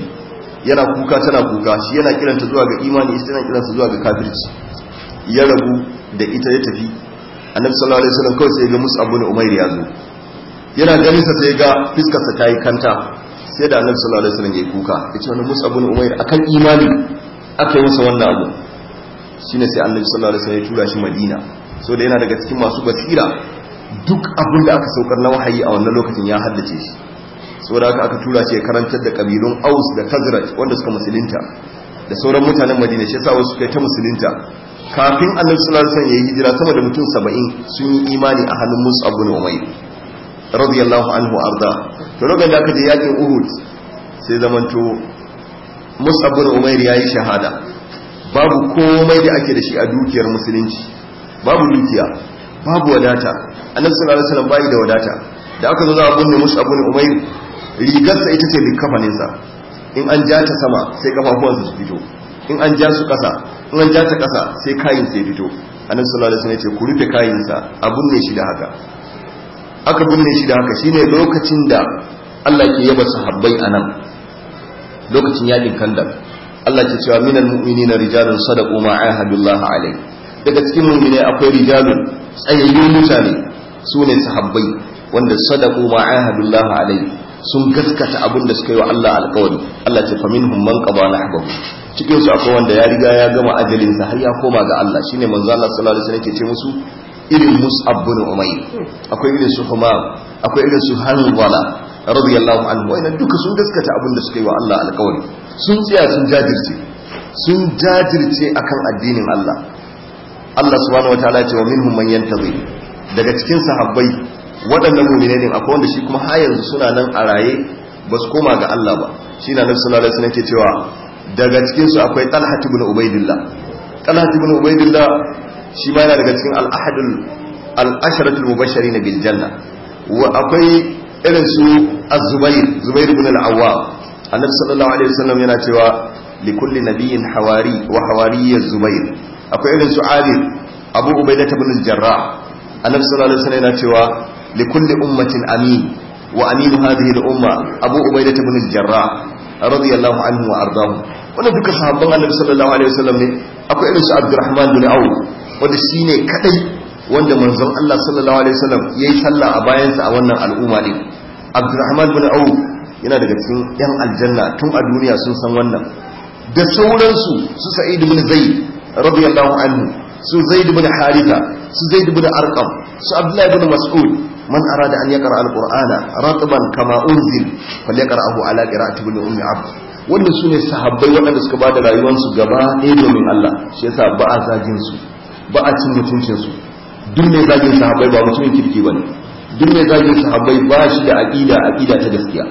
yana kuka tana kuka shi yana kiranta zuwa ga imani ita tana kiranta zuwa ga kafirci ya rabu da ita ya tafi annabi sallallahu alaihi wasallam kawai sai ga musu abu ne umayr ya zo yana ganin sa sai ga fiskar sa tayi kanta sai da annabi sallallahu alaihi wasallam ya kuka yace wannan Musa ibn Umair akan imani aka yi masa wannan abu shine sai annabi sallallahu alaihi wasallam ya tura shi Madina so da yana daga cikin masu basira duk abin da aka saukar na wahayi a wannan lokacin ya haddace shi saboda haka aka tura shi ya karantar da kabilun Aus da Khazraj wanda suka musulunta da sauran mutanen Madina shi yasa wasu kai ta musulunta kafin annabi sallallahu alaihi wasallam ya yi hijira sama da mutum 70 sun yi imani a hannun Musa ibn Umair radiyallahu anhu arda to lokacin da aka je yakin uhud sai zamanto mus'ab bin umair yayi shahada babu komai da ake da shi a dukiyar musulunci babu dukiya babu wadata annabi sallallahu alaihi wasallam bai da wadata da aka zo za a binne mus'ab bin umair rigarsa ita ce sa in an ja ta sama sai kafafuwan su fito in an ja su kasa in an ja ta kasa sai kayin sai fito annabi sallallahu alaihi wasallam ya ce ku rufe sa a binne shi da haka aka binne shi da haka Shi ne lokacin da Allah ke yaba sahabbai nan. lokacin yakin kandar Allah ke cewa minal mu'minina rijalun sadaqu ma ahadullah alai daga cikin mu'mini akwai rijalun tsayayyun mutane su ne sahabbai wanda sadaqu ma ahadullah alai sun gaskata abin da suka yi wa Allah alƙawari Allah ce faminhum man qada nahbahu cikin su akwai wanda ya riga ya gama ajalin sa har ya koma ga Allah shine manzo Allah sallallahu alaihi wasallam yake ce musu irin mus'ab bin umayr akwai irin su kuma akwai irin su wala radiyallahu anhu wa'annan duka sun gaskata abin da suka yi wa Allah alƙawari sun tsaya sun jajirce sun jajirce akan addinin Allah Allah subhanahu wataala ya ce wa minhum man yantazir daga cikin sahabbai waɗannan mu'minai ne akwai wanda shi kuma har yanzu suna nan a raye ba su koma ga Allah ba shi na nabi sallallahu alaihi wasallam ke cewa daga cikin su akwai Talha ibn Ubaydillah Talha ibn Ubaydillah shi ma yana daga cikin al'ahadul al'asharatul mubashirin bil janna wa akwai irin su az-zubair zubair ibn al-awwam annabi sallallahu alaihi wasallam yana cewa li kulli nabiyyin hawari wa hawari zubair akwai irin su ali abu ubaidah ibn al-jarrah annabi sallallahu alaihi wasallam yana cewa li kulli ummatin amin wa aminu hadhihi al-umma abu ubaidah ibn al-jarrah radiyallahu anhu wa ardahu wannan duka sahabban annabi sallallahu alaihi wasallam ne akwai irin su abdurrahman bin auf wanda ne kadai wanda manzon Allah sallallahu alaihi wasallam yayi sallah a bayansa a wannan al'umma ne. Abdurrahman bin Auf yana daga cikin yan aljanna tun a duniya sun san wannan da sauransu su Sa'id bin Zaid radiyallahu anhu su Zaid bin Haritha su Zaid bin Arqam su Abdullah bin Mas'ud man arada an yaqra al-Qur'ana ratban kama unzil falyaqrahu ala qira'ati bin Ummi Abd wannan su ne sahabbai waɗanda suka ba da rayuwarsu gaba ɗaya domin Allah shi yasa ba a zagin su ba a cin mutuncinsu duk mai zagin sahabbai ba mutumin kirki ba ne duk mai zagin sahabbai ba shi da aƙida aƙida ta gaskiya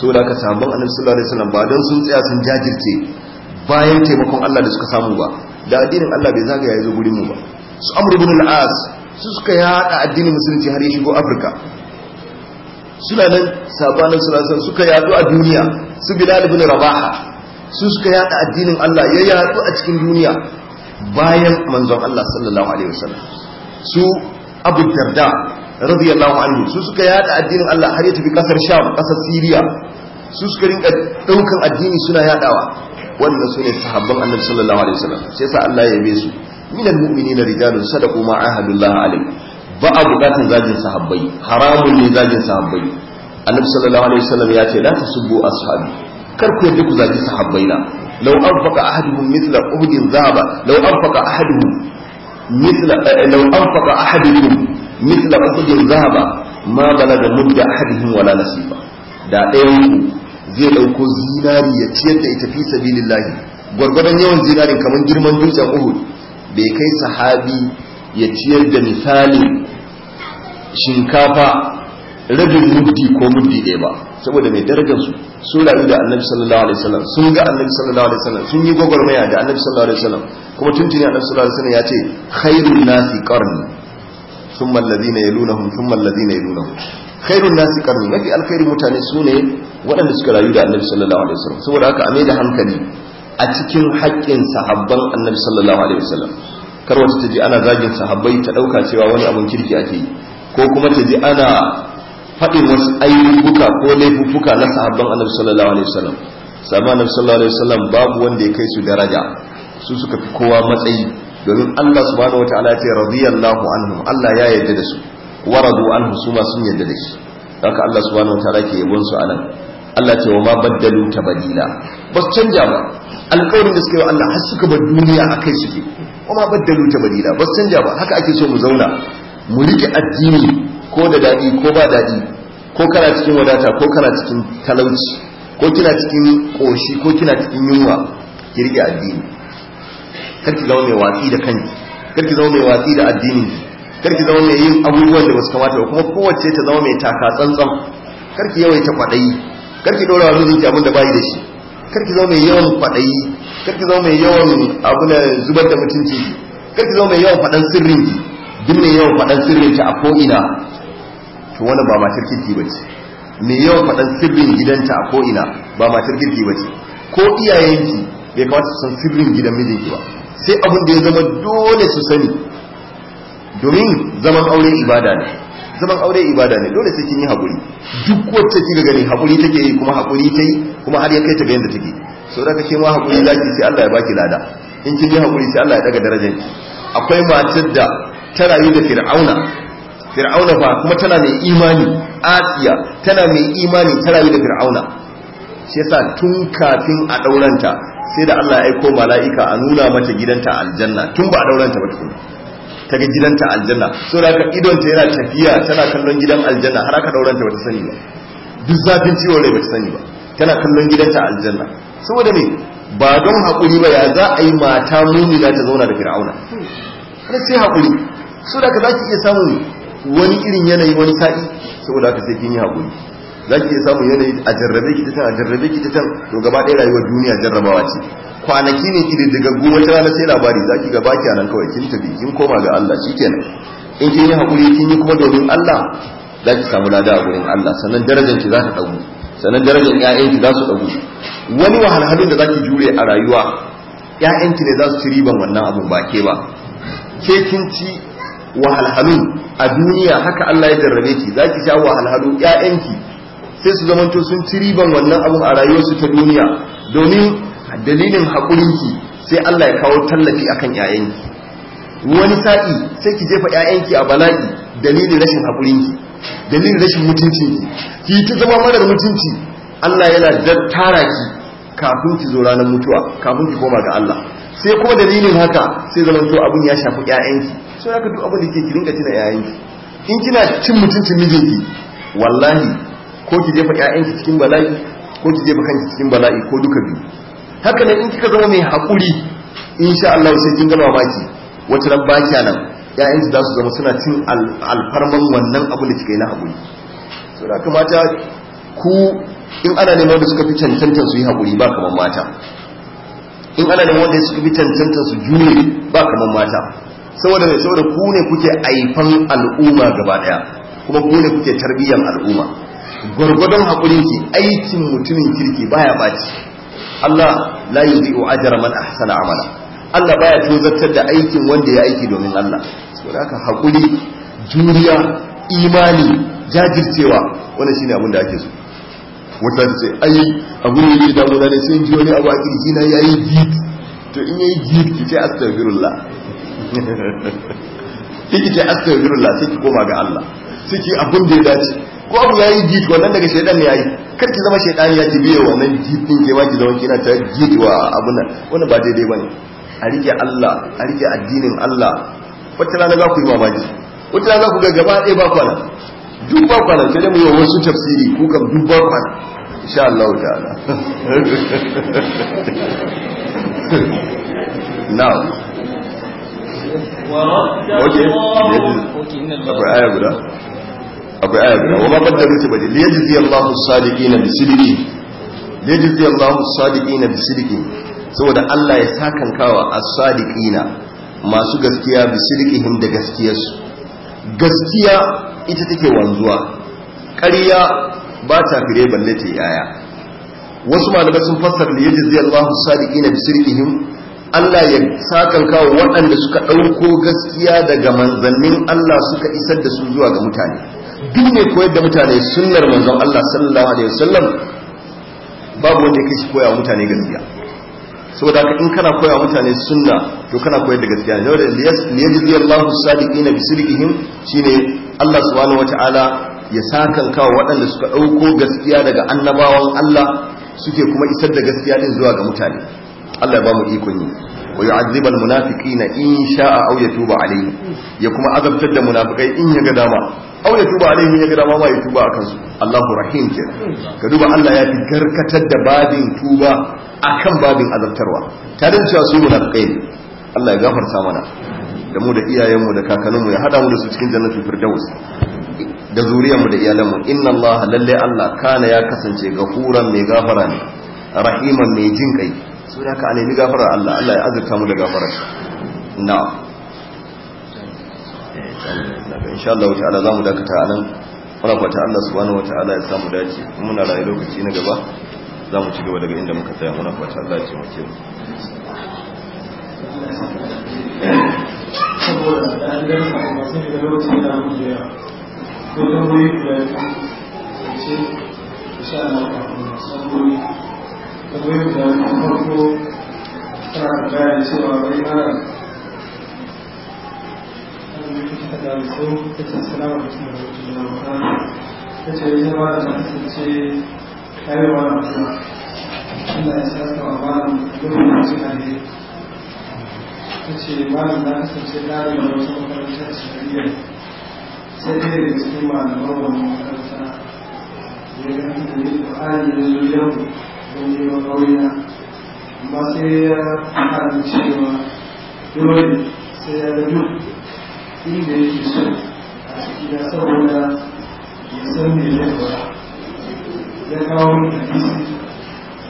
saboda haka samu annabi sallallahu alaihi wasallam ba don sun tsaya sun jajirce bayan taimakon Allah da suka samu ba da addinin Allah bai zagaya ya zo gurin mu ba su amru ibn al-as su suka yada addinin musulunci har ya shigo afirka suna nan sabanin sulasan suka yadu a duniya su bilal ibn rabaha su suka yada addinin Allah ya yadu a cikin duniya bayan manzon Allah sallallahu alaihi wasallam su Abu Darda radiyallahu anhu su suka yada addinin Allah har ya tafi kasar Sham kasar Syria su suka rinka daukan addini suna yadawa wannan sune sahabban Annabi sallallahu alaihi wasallam sai sa Allah ya yabe su minal mu'minina rijalun sadaqu ma ahadullah alaihi ba a bukatan zagin sahabbai haramun ne zagin sahabbai Annabi sallallahu alaihi wasallam ya ce la tasubbu ashabi kar ku yadda ku zagi na? لو أنفق أحدهم مثل أهد الذهب لو أنفق أحدهم مثل لو أنفق أحدهم مثل أهد الذهب ما بلغ مد da ɗayan zai ɗauko zinari ya ciyar da ita fi sabilillahi gwargwadon yawan zinari kamar girman dutsen Uhud bai kai sahabi ya ciyar da misalin shinkafa rabin muddi ko muddi ɗaya ba saboda mai darajar su sun rayu da annabi sallallahu alaihi wasallam sun ga annabi sallallahu alaihi wasallam sun yi gwagwarmaya da annabi sallallahu alaihi wasallam kuma tun tuntuni annabi sallallahu alaihi wasallam ya ce khairun nasi qarni thumma alladhina yalunahum thumma alladhina yalunahum khairun nasi qarni mafi alkhairin mutane su ne waɗanda suka rayu da annabi sallallahu alaihi wasallam saboda haka a mai da hankali a cikin haƙƙin sahabban annabi sallallahu alaihi wasallam kar wata ta ji ana zagin sahabbai ta ɗauka cewa wani abun kirki ake yi ko kuma ta ji ana faɗin wasu ayyuka ko laifuffuka na sahabban annabi sallallahu alaihi wasallam sahabban annabi sallallahu alaihi wasallam babu wanda ya kai su daraja su suka fi kowa matsayi domin Allah subhanahu wataala ya ce radiyallahu anhum Allah ya yarda da su wa radu anhu su ma sun yarda da shi haka Allah subhanahu wataala ke yabon su anan Allah ce wa ma baddalu tabadila ba su canja ba alƙawarin da suka yi Allah har suka bar duniya akai suke wa ma baddalu tabadila ba su canja ba haka ake so mu zauna mu riƙe addini ko da daɗi ko ba daɗi ko kana cikin wadata ko kana cikin talauci ko kina cikin ƙoshi ko kina cikin yunwa ki riƙe addini kar ki zama mai watsi da kanki kar ki zama mai watsi da addinin kar ki zama mai yin abubuwan da basu kamata ba kuma kowace ta zama mai taka tsantsan kar ki yawaita kwaɗayi kar ki ɗora wa mijinki abin da bayi da shi kar ki zama mai yawan kwaɗayi kar ki zama mai yawan abin zubar da mutunci kar ki zama mai yawan faɗan sirrin ki duk mai yawan faɗan sirrin ta a ko'ina to wannan ba matar kirki ba ce me yawan faɗan sirrin gidanta a ko'ina ba matar kirki ba ce ko iyayenki bai kamata su san sirrin gidan mijinki ba sai abin da ya zama dole su sani domin zaman aure ibada ne zaman aure ibada ne dole sai kin yi haƙuri duk wacce kika gani haƙuri take yi kuma haƙuri ta yi kuma har ya kai ta ga yadda take sau da kake ma haƙuri zaki sai Allah ya baki lada in kin yi hakuri sai Allah ya daga darajar ki akwai matar da ta rayu da fir'auna fir'auna fa kuma tana mai imani asiya tana mai imani ta rayu da fir'auna shi yasa tun kafin a dauranta sai da Allah ya aiko mala'ika a nuna mata gidanta aljanna tun ba a dauranta ba tukuna ta ga gidanta aljanna so da idonta yana tafiya tana kallon gidan aljanna har aka dauranta ba ta sani ba duk zafin ciwon rai ba ta sani ba tana kallon gidanta aljanna saboda me ba don hakuri ba ya za a yi mata mumina ta zauna da fir'auna sai hakuri so da ka za iya samun wani irin yanayi wani sa'i saboda haka sai kin yi hakuri za ki iya samun yanayi a jarrabe ki ta can a jarrabe ki ta can to gaba ɗaya rayuwar duniya jarrabawa ce kwanaki ne ki goma ta rana sai labari za ki gaba ki a nan kawai kin tafi kin koma ga Allah shikenan in kin yi hakuri kin yi kuma domin Allah za ki samu lada a gurin Allah sannan darajar ki za ta ɗagu sannan darajar ƴaƴan ki za su ɗagu wani wahalhalun da za ki jure a rayuwa ƴaƴan ki ne za su ci riban wannan abun ba ke ba ke kin ci wahalhalu a duniya haka Allah ya jarrabe ki za ki sha wahalhalu ƴaƴanki sai su zamanto sun ci riban wannan abun a rayuwarsu ta duniya domin dalilin ki sai Allah ya kawo tallafi akan ƴaƴanki wani sa'i sai ki jefa ƴaƴanki a bala'i dalilin rashin ki dalilin rashin mutunci ki ki ta zama marar mutunci Allah yana tara ki kafin ki zo ranar mutuwa kafin ki koma ga Allah sai kuma dalilin haka sai zamanto abun ya shafi ƴaƴanki sai aka duk abin da ke kirinka tuna yayin in kina cin mutuncin mijinki wallahi ko ki jefa ƴaƴanki cikin bala'i ko ki jefa kanki cikin bala'i ko duka biyu haka in kika zama mai haƙuri insha Allah sai kin gama baki wata ran baki nan ƴaƴanki za su zama suna cin alfarman wannan abu da kika yi na haƙuri saboda kamata ku in ana neman wanda suka fi cancanta su yi haƙuri ba kamar mata in ana neman wanda suka fi cancanta su jure ba kamar mata saboda mai saboda ku ne kuke aifan al'umma gaba daya kuma ku ne kuke tarbiyyar al'umma gwargwadon ki aikin mutumin kirki baya baci Allah la yudhi'u ajra man ahsana amala Allah baya tozartar da aikin wanda ya aiki domin Allah saboda haka hakuri juriya imani jajircewa wannan shine abin da ake so wata ta ce ai abu ne da da ne sai ji wani abu a kirji na yayi git to in yayi git ki ce astaghfirullah kike ce yi sai ki koma ga Allah sai abin da ya dace ko abu yi jiki wannan daga shaidan ne yi kar ki zama shaidan ya ji biyo wannan git ke ma ki zama kina ta jiki wa abun nan wannan ba daidai ne a rike Allah a rike addinin Allah wata rana za ku yi mamaki wata rana za ku ga gaba ɗaya ba kwana duk ba kwana sai dai mu yi wasu tafsiri ku kan duk ba kwana insha Allah ta'ala na'am oke akwai aya guda akwai aya guda wa babbar da rusu bade liyajzi Allahu sadiqina bi sidqi liyajzi Allahu sadiqina bi sidqi saboda Allah ya sa sakankawa as-sadiqina masu gaskiya bi sidqihim da gaskiyarsu gaskiya ita take wanzuwa ƙarya ba ta fire balle ta yaya wasu malamai sun fassara liyajzi Allahu sadiqina bi sidqihim Allah ya sakan kawo waɗanda suka ɗauko gaskiya daga manzannin Allah suka isar da su zuwa ga mutane duk ne koyar da mutane sunnar manzon Allah sallallahu alaihi wasallam babu wanda yake shi koya mutane gaskiya saboda haka in kana koya mutane sunna to kana koyar da gaskiya ne da liyajizi Allahu sadiqina bi shi shine Allah subhanahu wataala ya sakan kawo waɗanda suka ɗauko gaskiya daga annabawan Allah suke kuma isar da gaskiya din zuwa ga mutane Allah ba mu ikon yi wa munafiki munafiqina in sha'a aw yatuba alaihim ya kuma azabtar da munafikai in ya ga dama aw yatuba alaihim ya ga dama ma ya tuba akan su Allahu rahim ke ka duba Allah ya fi garkatar da babin tuba akan babin azabtarwa tarin cewa su munafikai Allah ya gafarta mana da mu da iyayenmu da kakanninmu ya hada mu da su cikin jannatul firdaus da zuriyarmu da iyalanmu inna Allah lalle Allah kana ya kasance gafuran mai gafara ne rahiman mai jin kai so da ka a nemi gafarar Allah Allah ya azurta mu da gafarar na insha Allah ta'ala mu dakata a nan muna fata Allah su subhanahu wata'ala ya samu dace muna rayu lokaci na gaba za mu ci gaba daga inda muka tsaya muna fata Allah ya ce muke saboda da an gani a masu da lokacin da mu jiya ko da mu yi da ce insha Allah saboda kuma yadda na farko tana bayan cewa wai mara da su ta ce salamu da kuma da mutane ta ce yi zama da kasance karewa da mutum inda ya sassa wa malam lokacin da suka ne ta ce malam na kasance ɗari da wasu makarantar yau mun je makauyina amma sai ya haɗa cewa dole sai ya ga duk inda yake so a cikin saboda ya san me zai fara ya kawo hadisi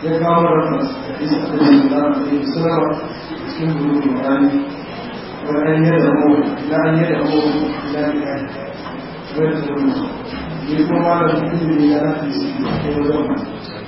ya kawo rafas da a cikin da za yi sarrafa cikin gudu da rani wani yadda zamo na an yadda zamo na ya wani zamo ne kuma da mutum ne ya rafi su ne a kai wajen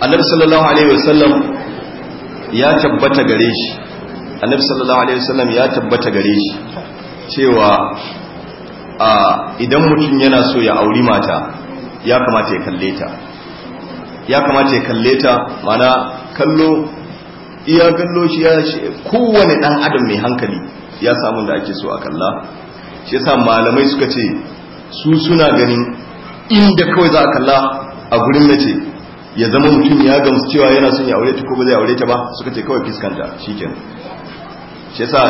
annabi sallallahu alaihi wasallam ya tabbata gare shi annabi sallallahu alaihi wasallam ya tabbata gare shi cewa a idan mutum yana so ya auri mata ya kamata ya kalle ta ya kamata ya kalle ta mana kallo iya kallo shi ya kowane dan adam mai hankali ya samu da ake so a kalla shi yasa malamai suka ce su suna ganin inda kawai za a kalla a gurin mace ya zama mutum ya gamsu cewa yana son ya aure ta ko ba zai aure ta ba suka ce kawai fiskanta shikenan shi yasa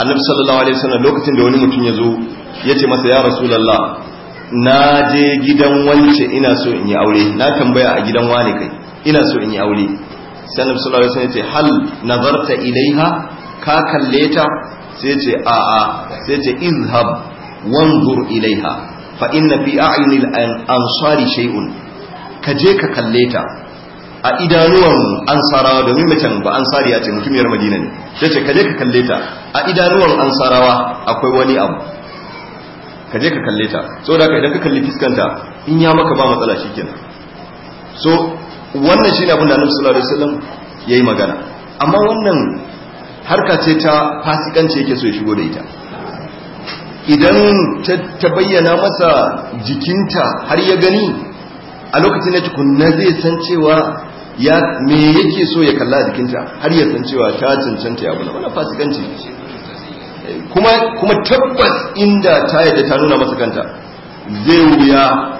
annabi sallallahu alaihi wasallam lokacin da wani mutum ya zo ya ce masa ya rasulullah na je gidan wance ina so in yi aure na tambaya a gidan wani kai ina so in yi aure sai annabi sallallahu alaihi wasallam ya ce hal nazarta ilaiha ka kalle ta sai ce a a sai ce izhab wanzur ilaiha fa inna fi a'yunil ansari shay'un ka je ka kalle ta a idanuwan ansarawa domin macen ba ansariya ce mutumiyar madina ne ta ce ka je ka kalle ta a idanuwan ansarawa akwai wani abu ka je ka kalle ta da haka idan ka kalli fiskanta in ya maka ba matsala shikenan so wannan shine abin da Annabi sallallahu alaihi wasallam yayi magana amma wannan harka ce ta fasikanci yake so ya shigo da ita idan ta bayyana masa jikinta har ya gani a lokacin da tukunna zai san cewa ya me yake so ya kalla a jikinta har ya san cewa ta cancanta ya bula wannan fasikanci kuma kuma tabbas inda ta yadda ta nuna masa kanta zai wuya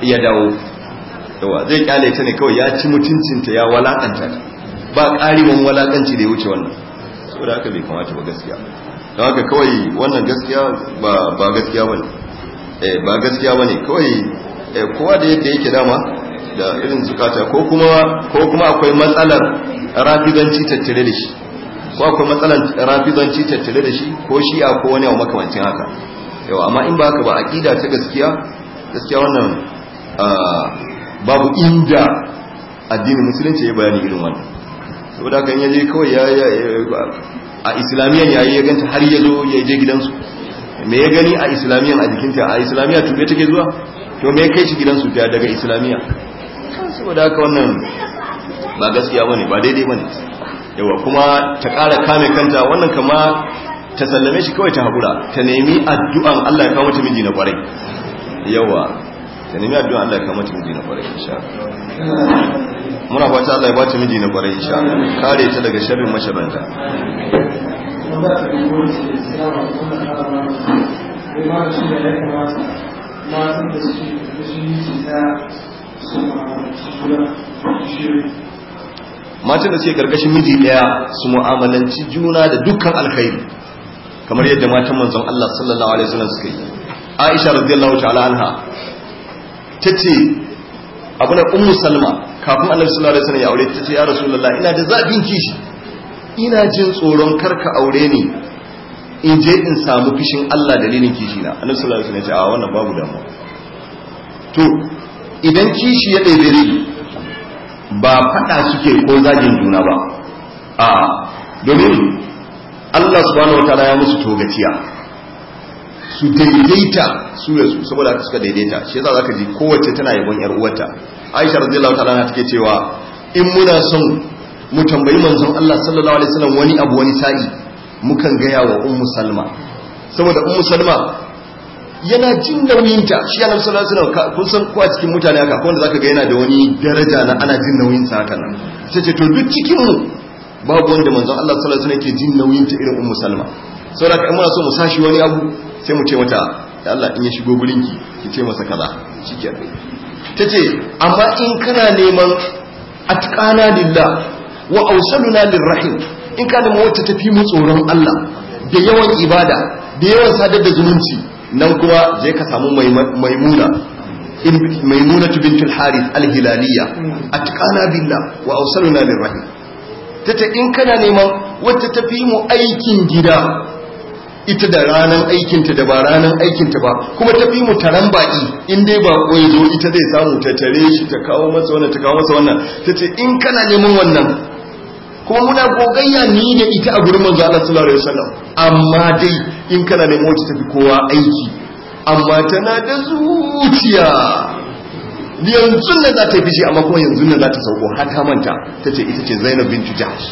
ya dawo yawa zai kyale ta ne kawai ya ci mutuncinta ya walakanta ba ƙariwan walakanci da ya wuce wannan saboda haka bai kamata ba gaskiya don haka kawai wannan gaskiya ba gaskiya bane eh, ba gaskiya bane kawai Eh, kowa da yadda yake dama da irin zukata ko kuma akwai matsalar rafidanci tattare da shi ko akwai matsalar rafidanci tattare da shi ko shi ko wani abu makamancin haka yawa amma in ba haka ba aqida ta gaskiya gaskiya wannan babu inda addinin musulunci ya bayani irin wannan saboda yaje kawai ya a islamiyan yayi ya ganta har yazo ya je gidansu me ya gani a islamiyan a jikinta a islamiyya tube take zuwa to me kai shi gidan su daga islamiyya saboda haka wannan ba gaskiya bane ba daidai bane yawa kuma ta ƙara kame kanta wannan kama ta sallame shi kawai ta hakura ta nemi addu'an Allah ya kawo mata miji na ƙwarai yawa ta nemi addu'an Allah ya kawo mata miji na ƙwarai insha muna fata Allah ya ba ta miji na ƙwarai insha kare ta daga sharrin mashabanta Thank you. matan da suke matan da suke karkashin miji daya su mu'amalanci juna da dukkan alkhairi kamar yadda matan manzon Allah sallallahu alaihi wasallam suka yi Aisha radiyallahu ta'ala anha tace abu na ummu Salma kafin Allah sallallahu alaihi wasallam ya aure ta tace ya rasulullahi ina da zabin kishi ina jin tsoron karka aure ni in je in samu fishin Allah dalilin kishi na annabi sallallahu alaihi wasallam ya ce a wannan babu damuwa to idan kishi ya ɗaiɗaire ba faɗa suke ko zagin juna ba a domin Allah subhanahu wataala ya musu togaciya su daidaita su ya su saboda haka suka daidaita shi yasa zaka ji kowace tana yabon yar uwarta Aisha radiyallahu ta'ala na take cewa in muna son mu tambayi manzon Allah sallallahu alaihi wasallam wani abu wani sa'i mukan gaya wa ummu salma saboda ummu salma yana jin nauyin ta shi annabi sallallahu alaihi wasallam kun san ko a cikin mutane haka ko wanda zaka ga yana da wani daraja na ana jin nauyin sa haka nan sai ce to duk cikin mu babu wanda manzon Allah sallallahu alaihi wasallam yake jin nauyin ta irin ummu salma saboda kai muna so mu sashi wani abu sai mu ce mata ya Allah in ya shigo gurin ki ki ce masa kaza shikenan tace amma in kana neman atqana lillah wa awsaluna lirrahim in ka da wacce ta fi mu tsoron Allah da yawan ibada da yawan sadar da zumunci nan kuma je ka samu maimuna ميمونة بنت الحارث الهلالية أتقانا بالله in kana neman wacce ta fi mu aikin gida ita da ranar aikinta da ba ranar aikinta ba kuma ta fi mu taran baki in dai ba koyi zo ita zai samu ta tare shi ta kawo masa wannan ta kawo masa wannan ta ce in kana neman wannan kuma muna gogayya ni da ita a gurin manzo Allah sallallahu alaihi wasallam amma dai in kana nemo wacce tafi kowa aiki amma tana da zuciya yanzu nan za ta fice amma kuma yanzu ne za ta sauko har ta manta tace ita ce Zainab bintu Jahsh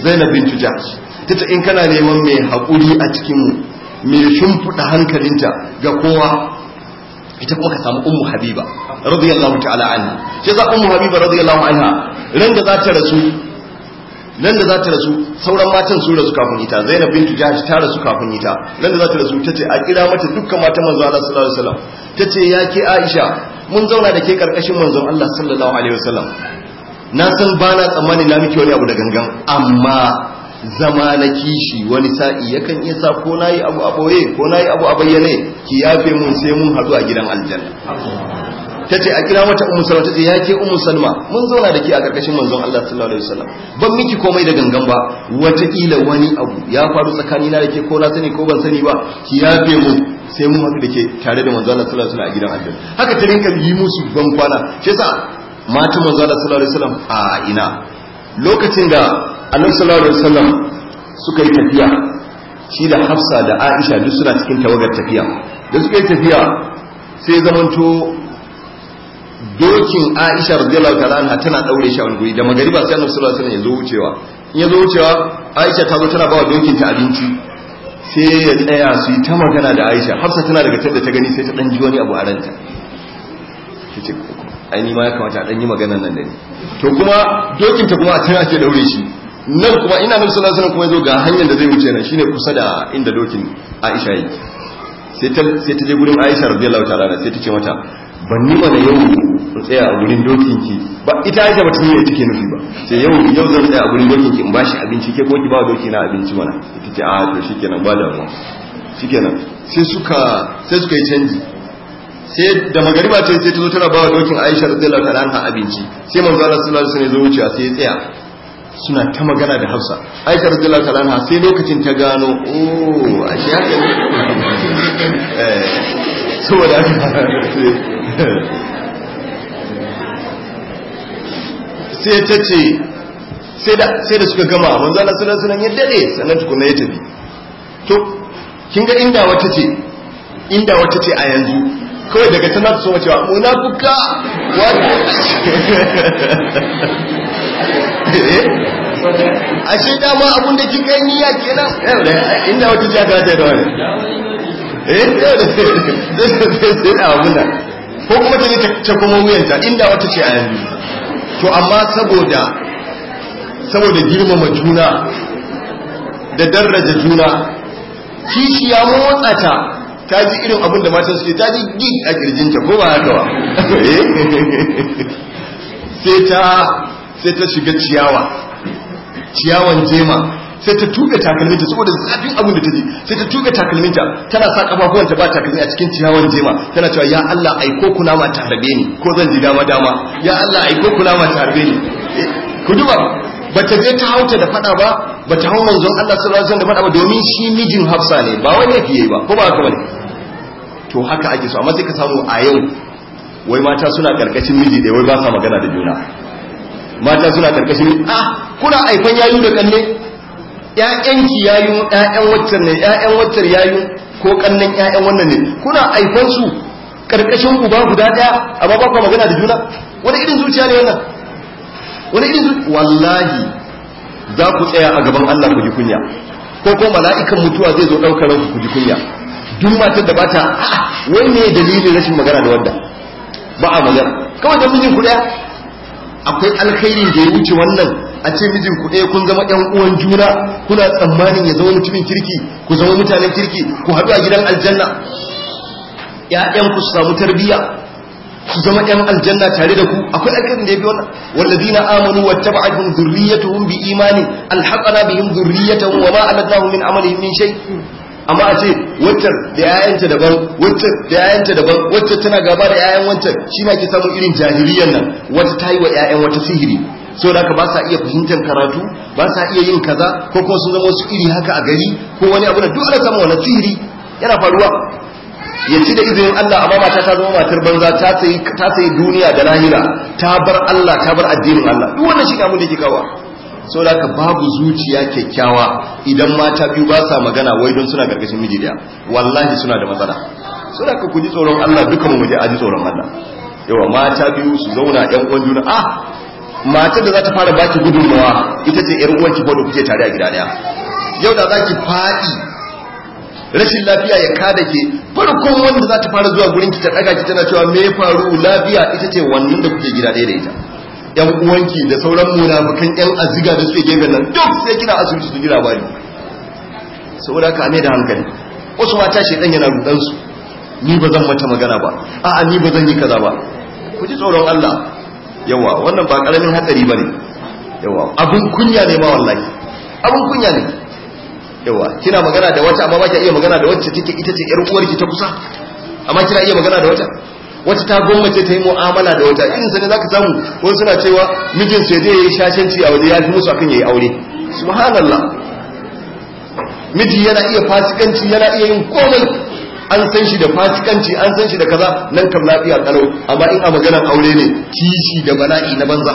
Zainab bintu Jahsh tace ce in kana neman mai haƙuri a cikin mu mai shimfiɗa hankalinta ga kowa ita kuma ka samu ummu habiba radiyallahu ta'ala anha ce za ummu habiba radiyallahu anha ran da za ta rasu nan da za ta rasu sauran matan su rasu kafin ita zainab bintu Jihar ta rasu kafin ita nan da za ta rasu tace a kira mata dukkan matan manzo Allah sallallahu alaihi wasallam tace ya ke Aisha mun zauna da ke karkashin manzo Allah sallallahu alaihi wasallam na san bana tsammani na miki wani abu da gangan amma zama na kishi wani sa'i yakan iya sa ko nayi abu a boye ko nayi abu a bayyane ki yafe mun sai mun hadu a gidan aljanna ta ce a kira mata umu salma ta ce ya ke umu salma mun zauna da ke a karkashin manzon Allah sallallahu alaihi wasallam ban miki komai da gangan ba wataƙila wani abu ya faru tsakani na da ke ko na sani ko ban sani ba ki yafe mu sai mun haɗu da ke tare da manzon Allah sallallahu alaihi wasallam a gidan aljanna haka ta rinka yi musu ban kwana shi yasa matu manzon Allah sallallahu alaihi wasallam a ina lokacin da annabi sallallahu alaihi wasallam suka yi tafiya shi da Hafsa da Aisha duk suna cikin tawagar tafiya da suka yi tafiya sai zamanto dokin Aisha radiyallahu ta'ala anha tana daure shi a wani guri da magariba sai Annabi sallallahu alaihi wasallam ya zo wucewa in ya zo wucewa Aisha ta zo tana bawa dokin ta abinci sai ya tsaya su yi ta magana da Aisha Hafsa tana daga tadda ta gani sai ta dan ji wani abu a ranta ai ni ma ya kamata a dan yi maganar nan da ni to kuma dokin ta kuma a tana ke daure shi nan kuma ina nan sallallahu alaihi kuma zo ga hanyar da zai wuce nan shine kusa da inda dokin Aisha yake sai ta sai ta je gurin Aisha radiyallahu ta'ala sai ta ce mata ban ni da yau su tsaya a wurin dokin ki ba ita aisha ba ta yi ciki nufi ba sai yau yau zan tsaya a wurin dokin ki in ba shi abinci ke ko ki ba doki na abinci mana ita ce a ah, to shikenan ba damuwa shikenan sai suka sai suka yi canji sai da magariba ce sai ta zo tana bawa dokin Aisha radiyallahu ta'ala anha abinci sai manzo Allah sallallahu alaihi wasallam zo wuce sai ya tsaya suna ta magana da Hafsa Aisha radiyallahu ta'ala anha sai lokacin ta gano oh ashe haka ne eh saboda haka sai ta ce sai da suka gama wanzu ala sallallahu sunan wasallam ya dade sannan tukuna ya tafi to kin ga inda wata ce inda wata ce a yanzu kawai daga tana so mace wa a ashe dama abun da kika niyya kenan inda wata ce aka ta da wani eh da sai da da ko kuma ta ce ta kuma wuyanta inda wata ce a yanzu to amma saboda saboda girmama juna da daraja juna kishi ya motsa ta ta ji irin abin da matan suke ta ji gig a kirjinta ko ba haka ba sai ta sai ta shiga ciyawa ciyawan jema sai ta tuga takalminta saboda zafin abin da ta ji sai ta tuga takalminta tana sa ta ba takalmi a cikin ciyawan jema tana cewa ya Allah aiko ma ta harbe ni ko zan ji dama dama ya Allah aiko ma ta harbe ni eh, ku duba bata je ta hauta da fada ba bata hau manzon Allah sallallahu alaihi wasallam da fada ba domin shi mijin Hafsa ne ba wani fiye ba ko ba haka bane to haka ake so amma sai ka samu a yau wai mata suna karkashin miji da wai ba sa magana da juna mata suna karkashin ah kuna aifan yayu da kalle ƴaƴanki yayu ƴaƴan waccan ne ƴaƴan waccan yayu ko kannan ƴaƴan wannan ne kuna aifan su karkashin uba guda daya amma ba ku magana da juna wani irin zuciya ne wannan wani irin wallahi za ku tsaya a gaban Allah ku ji kunya ko ko mala'ikan mutuwa zai zo daukar ranku ku ji kunya duk matar da bata wai ne dalilin rashin magana da wanda ba a magana kawai da mijin ku ɗaya? akwai alkhairi da ya wuce wannan a ce mijin ku ɗaya eh, kun zama ƴan uwan juna kuna tsammanin ya zama mutumin kirki ku zama mutanen kirki ku haɗu a gidan aljanna ƴaƴan ku su samu tarbiyya su zama ƴan aljanna tare da ku akwai alƙarin da ya bi wannan wallazina amanu wattaba'ahum dhurriyyatuhum bi imani alhaqana bihim dhurriyyatuhum wa ma alatnahum min amalihim min shay amma a ce waccan da yayanta daban waccan da yayanta daban waccan tana gaba da yayan wancan shi ma ke samun irin jahiliyyar nan wata yi wa yayan wata sihiri so da ba sa iya fahimtar karatu ba sa iya yin kaza ko kuma sun zama wasu iri haka a gari ko wani abu da duk ana samu wani sihiri yana faruwa ya ci da izinin Allah amma mata ta zama matar banza ta sayi duniya da lahira ta bar Allah ta bar addinin Allah duk wannan shi kamun da yake kawa so da ka babu zuciya kyakkyawa idan mata biyu ba sa magana wai don suna gargashin miji daya wallahi suna da matsala so da ka kuji tsoron Allah dukkan mu je aji tsoron Allah yawa mata biyu su zauna yan uwan juna ah matar da za ta fara baki gudunmawa ita ce yar uwanki ko da kuke tare a gida daya yau da zaki fadi rashin lafiya ya kada ke farkon wanda za ta fara zuwa gurin ki ta daga ki tana cewa me faru lafiya ita ce wannan da kuke gida daya da ita yan uwanki da sauran munafukan yan aziga da suke gefen nan duk sai kina asibiti su ji labari saboda ka ne da hankali wasu mata dan yana rudan su ni ba zan mata magana ba a'a ni ba zan yi kaza ba ku ji tsoron Allah yawa wannan ba karamin hatsari bane yawa abun kunya ne ma wallahi abun kunya ne yawa kina magana da wata amma ba ki iya magana da wacce take ita ce yar ki ta kusa amma kina iya magana da wata wata ta gwammace ta yi mu'amala da wata irin sa za zaka samu wani suna cewa mijin su yaje yayi shashanci a waje ya fi musu akan yayi aure subhanallah miji yana iya fasikanci yana iya yin komai an san shi da fasikanci an san shi da kaza nan kam lafiya kalau amma in a maganar aure ne kishi da bala'i na banza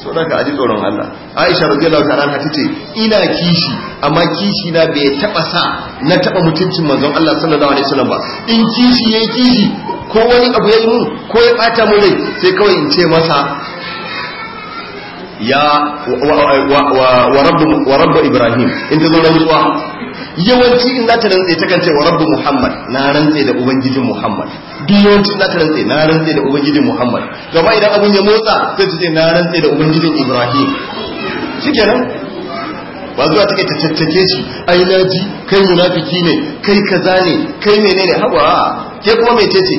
so da ka aji tsoron Allah Aisha radiyallahu ta'ala ta ce ina kishi amma kishi na bai taba sa na taba mutuncin manzon Allah sallallahu alaihi wasallam ba in kishi yayi kishi ko wani abu yayi mun ko ya bata mu rai sai kawai in ce masa ya wa rabbu wa rabbu ibrahim in ta zo rantsuwa yawanci in za ta rantse ta kance wa rabbu muhammad na rantse da ubangijin muhammad duk yawanci in za ta rantse na rantse da ubangijin muhammad gaba idan abun ya motsa sai ta ce na rantse da ubangijin ibrahim shikenan ba zuwa take ta caccake shi ai na ji kai munafiki ne kai kaza ne kai menene hawa ke kuma mai cece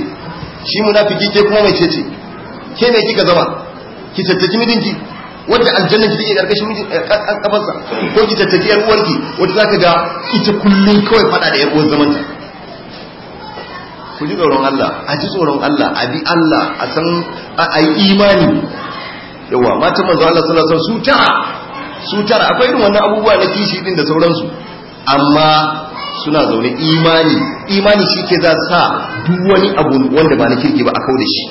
shi munafiki ke kuma mai cece ke ne kika zama ki caccaki mijinki wanda aljanna ki take karkashin mijin eh, kafarsa ko ki tattaki yar uwarki za ka ga ita kullum kawai fada da yar uwar zamanta ku ji tsoron Allah a ji tsoron Allah a bi Allah a san a yi imani yawa mata manzo Allah sallallahu alaihi wasallam su tara su tara akwai irin wannan abubuwa na kishi din da sauransu amma suna zaune imani imani shi ke za sa duk wani abu wanda ba na kirki ba a kawo da shi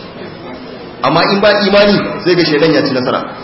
amma in ba imani sai ga shaidan ya ci nasara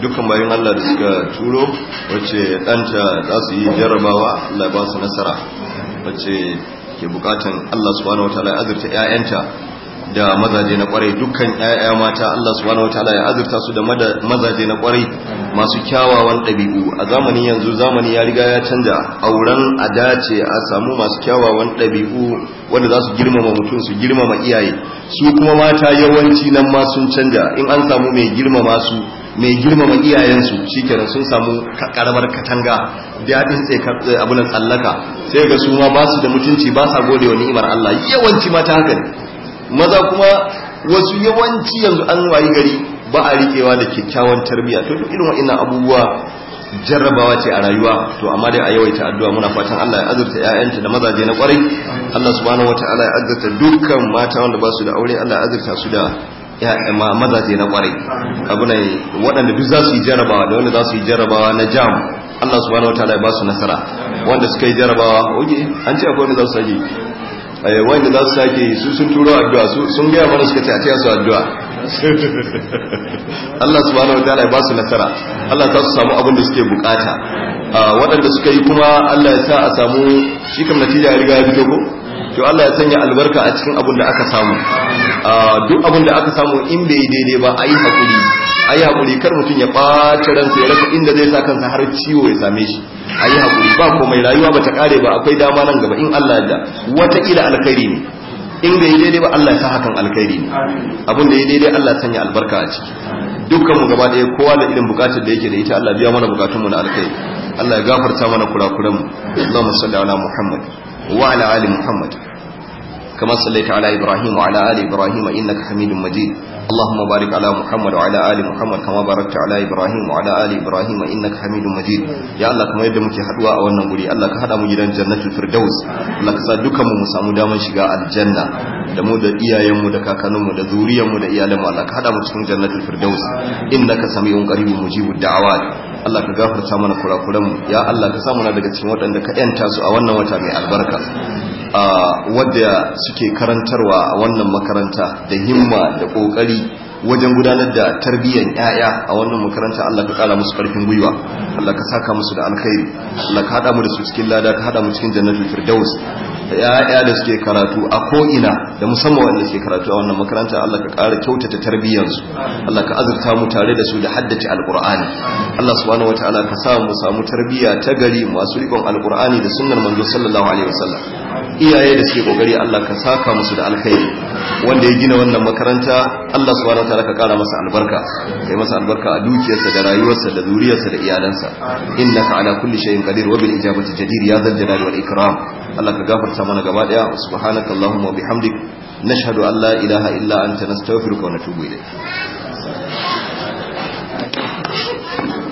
dukkan bayan Allah da suka turo wacce ɗanta za su yi jarrabawa Allah ba su nasara wacce ke bukatan Allah subhanahu wa ta'ala azurta 'ya'yanta da mazaje na kwarai dukkan ƴaƴa mata Allah subhanahu wataala ya azurta su da mazaje na kwarai masu kyawawan ɗabi'u a zamanin yanzu zamani ya riga ya canja auren a dace a samu masu kyawawan ɗabi'u wanda za su girmama mutum su girmama iyaye su kuma mata yawanci nan ma sun canja in an samu mai girmama su mai girmama iyayensu shikenan sun samu karamar katanga daɗin tsaye abunan tsallaka sai ga su ma ba su da mutunci ba sa gode wa ni'imar Allah yawanci mata haka ne maza kuma wasu yawanci yanzu an wayi gari ba a rikewa da kyakkyawan tarbiyya to duk irin wa'annan abubuwa jarrabawa ce a rayuwa to amma dai a yawaita addu'a muna fatan Allah ya azurta ƴaƴanta da mazaje na kwarai Allah subhanahu wataala ya azurta dukkan mata wanda ba su da aure Allah ya azurta su da mazaje na kwarai abu ne waɗanda duk za su yi jarrabawa da wanda za su yi jarrabawa na jam Allah subhanahu wataala ya ba su nasara wanda suka yi jarrabawa oge an ce akwai wanda za su yi. Eh, wanda za su sake su sun turo addu'a sun gaya mana suka ce a su addu'a Allah subhanahu wataala ya ba su nasara Allah ta su samu abin da suke bukata ah, waɗanda suka yi kuma Allah ya sa a samu shi kam natija ya riga ya fito ko to Allah ya sanya albarka a cikin abin da aka samu ah, duk abin da aka samu in bai daidai ba ayi hakuri ayi hakuri kar mutum ya ɓaci ransa ya rasa inda zai sa kansa har ciwo ya same shi a yi haƙuri ba komai rayuwa ba ta ƙare ba akwai dama nan gaba in Allah da wataƙila alkhairi ne in da yi daidai ba Allah ya sa hakan alkhairi ne abin da ya daidai Allah ya sanya albarka a ciki dukkan mu gaba ɗaya kowa da irin bukatar da yake da ita Allah biya mana bukatun mu na alkhairi Allah ya gafarta mana kurakuran mu Allahumma salli ala Muhammad wa ala ali Muhammad kama sallaita ala Ibrahim wa ala ali Ibrahim innaka Hamidum Majid اللهم بارك على محمد وعلى ال محمد كما باركت على ابراهيم وعلى ال ابراهيم انك حميد مجيد يا الله kamar yadda muke haɗuwa a wannan guri Allah ka hada mu gidan jannatul firdaus Allah ka sa dukanmu mu samu daman shiga aljanna da mu da iyayen mu da kakannin mu da zuriyar mu da iyalan mu Allah ka hada mu cikin jannatul firdaus innaka samiun qaribun mujibud da'awat Allah ka gafarta mana mu ya Allah ka samu na daga cikin waɗanda ka yanta su a wannan wata mai albarka wadda suke karantarwa a wannan makaranta da himma da ƙoƙari wajen gudanar da tarbiyyar 'ya'ya a wannan makaranta Allah ka ƙara musu ƙarfin gwiwa Allah ka saka musu da alkhairi Allah ka haɗa mu da su cikin lada ka hada mu cikin jannatul firdaus ya'ya da suke karatu a ko'ina da musamman wanda suke karatu a wannan makaranta Allah ka ƙara kyautata tarbiyyarsu Allah ka azurta mu tare da su da haddace alkur'ani Allah subhanahu wataala ka sa mu samu tarbiyya ta gari masu riƙon alkurani da sunnar manzo sallallahu alaihi wasallam iyaye da suke kokari Allah ka saka musu da alkhairi wanda ya gina wannan makaranta Allah subhanahu wataala ka ƙara masa albarka kai masa albarka a dukiyarsa da rayuwarsa da zuriyarsa da iyalansa innaka ala kulli shay'in qadir wa bil ijabati jadir ya zal jalali wal ikram Allah ka gafarta gafarta mana gaba daya subhanaka allahumma bihamdik nashhadu an la ilaha illa anta nastaghfiruka wa natubu ilayk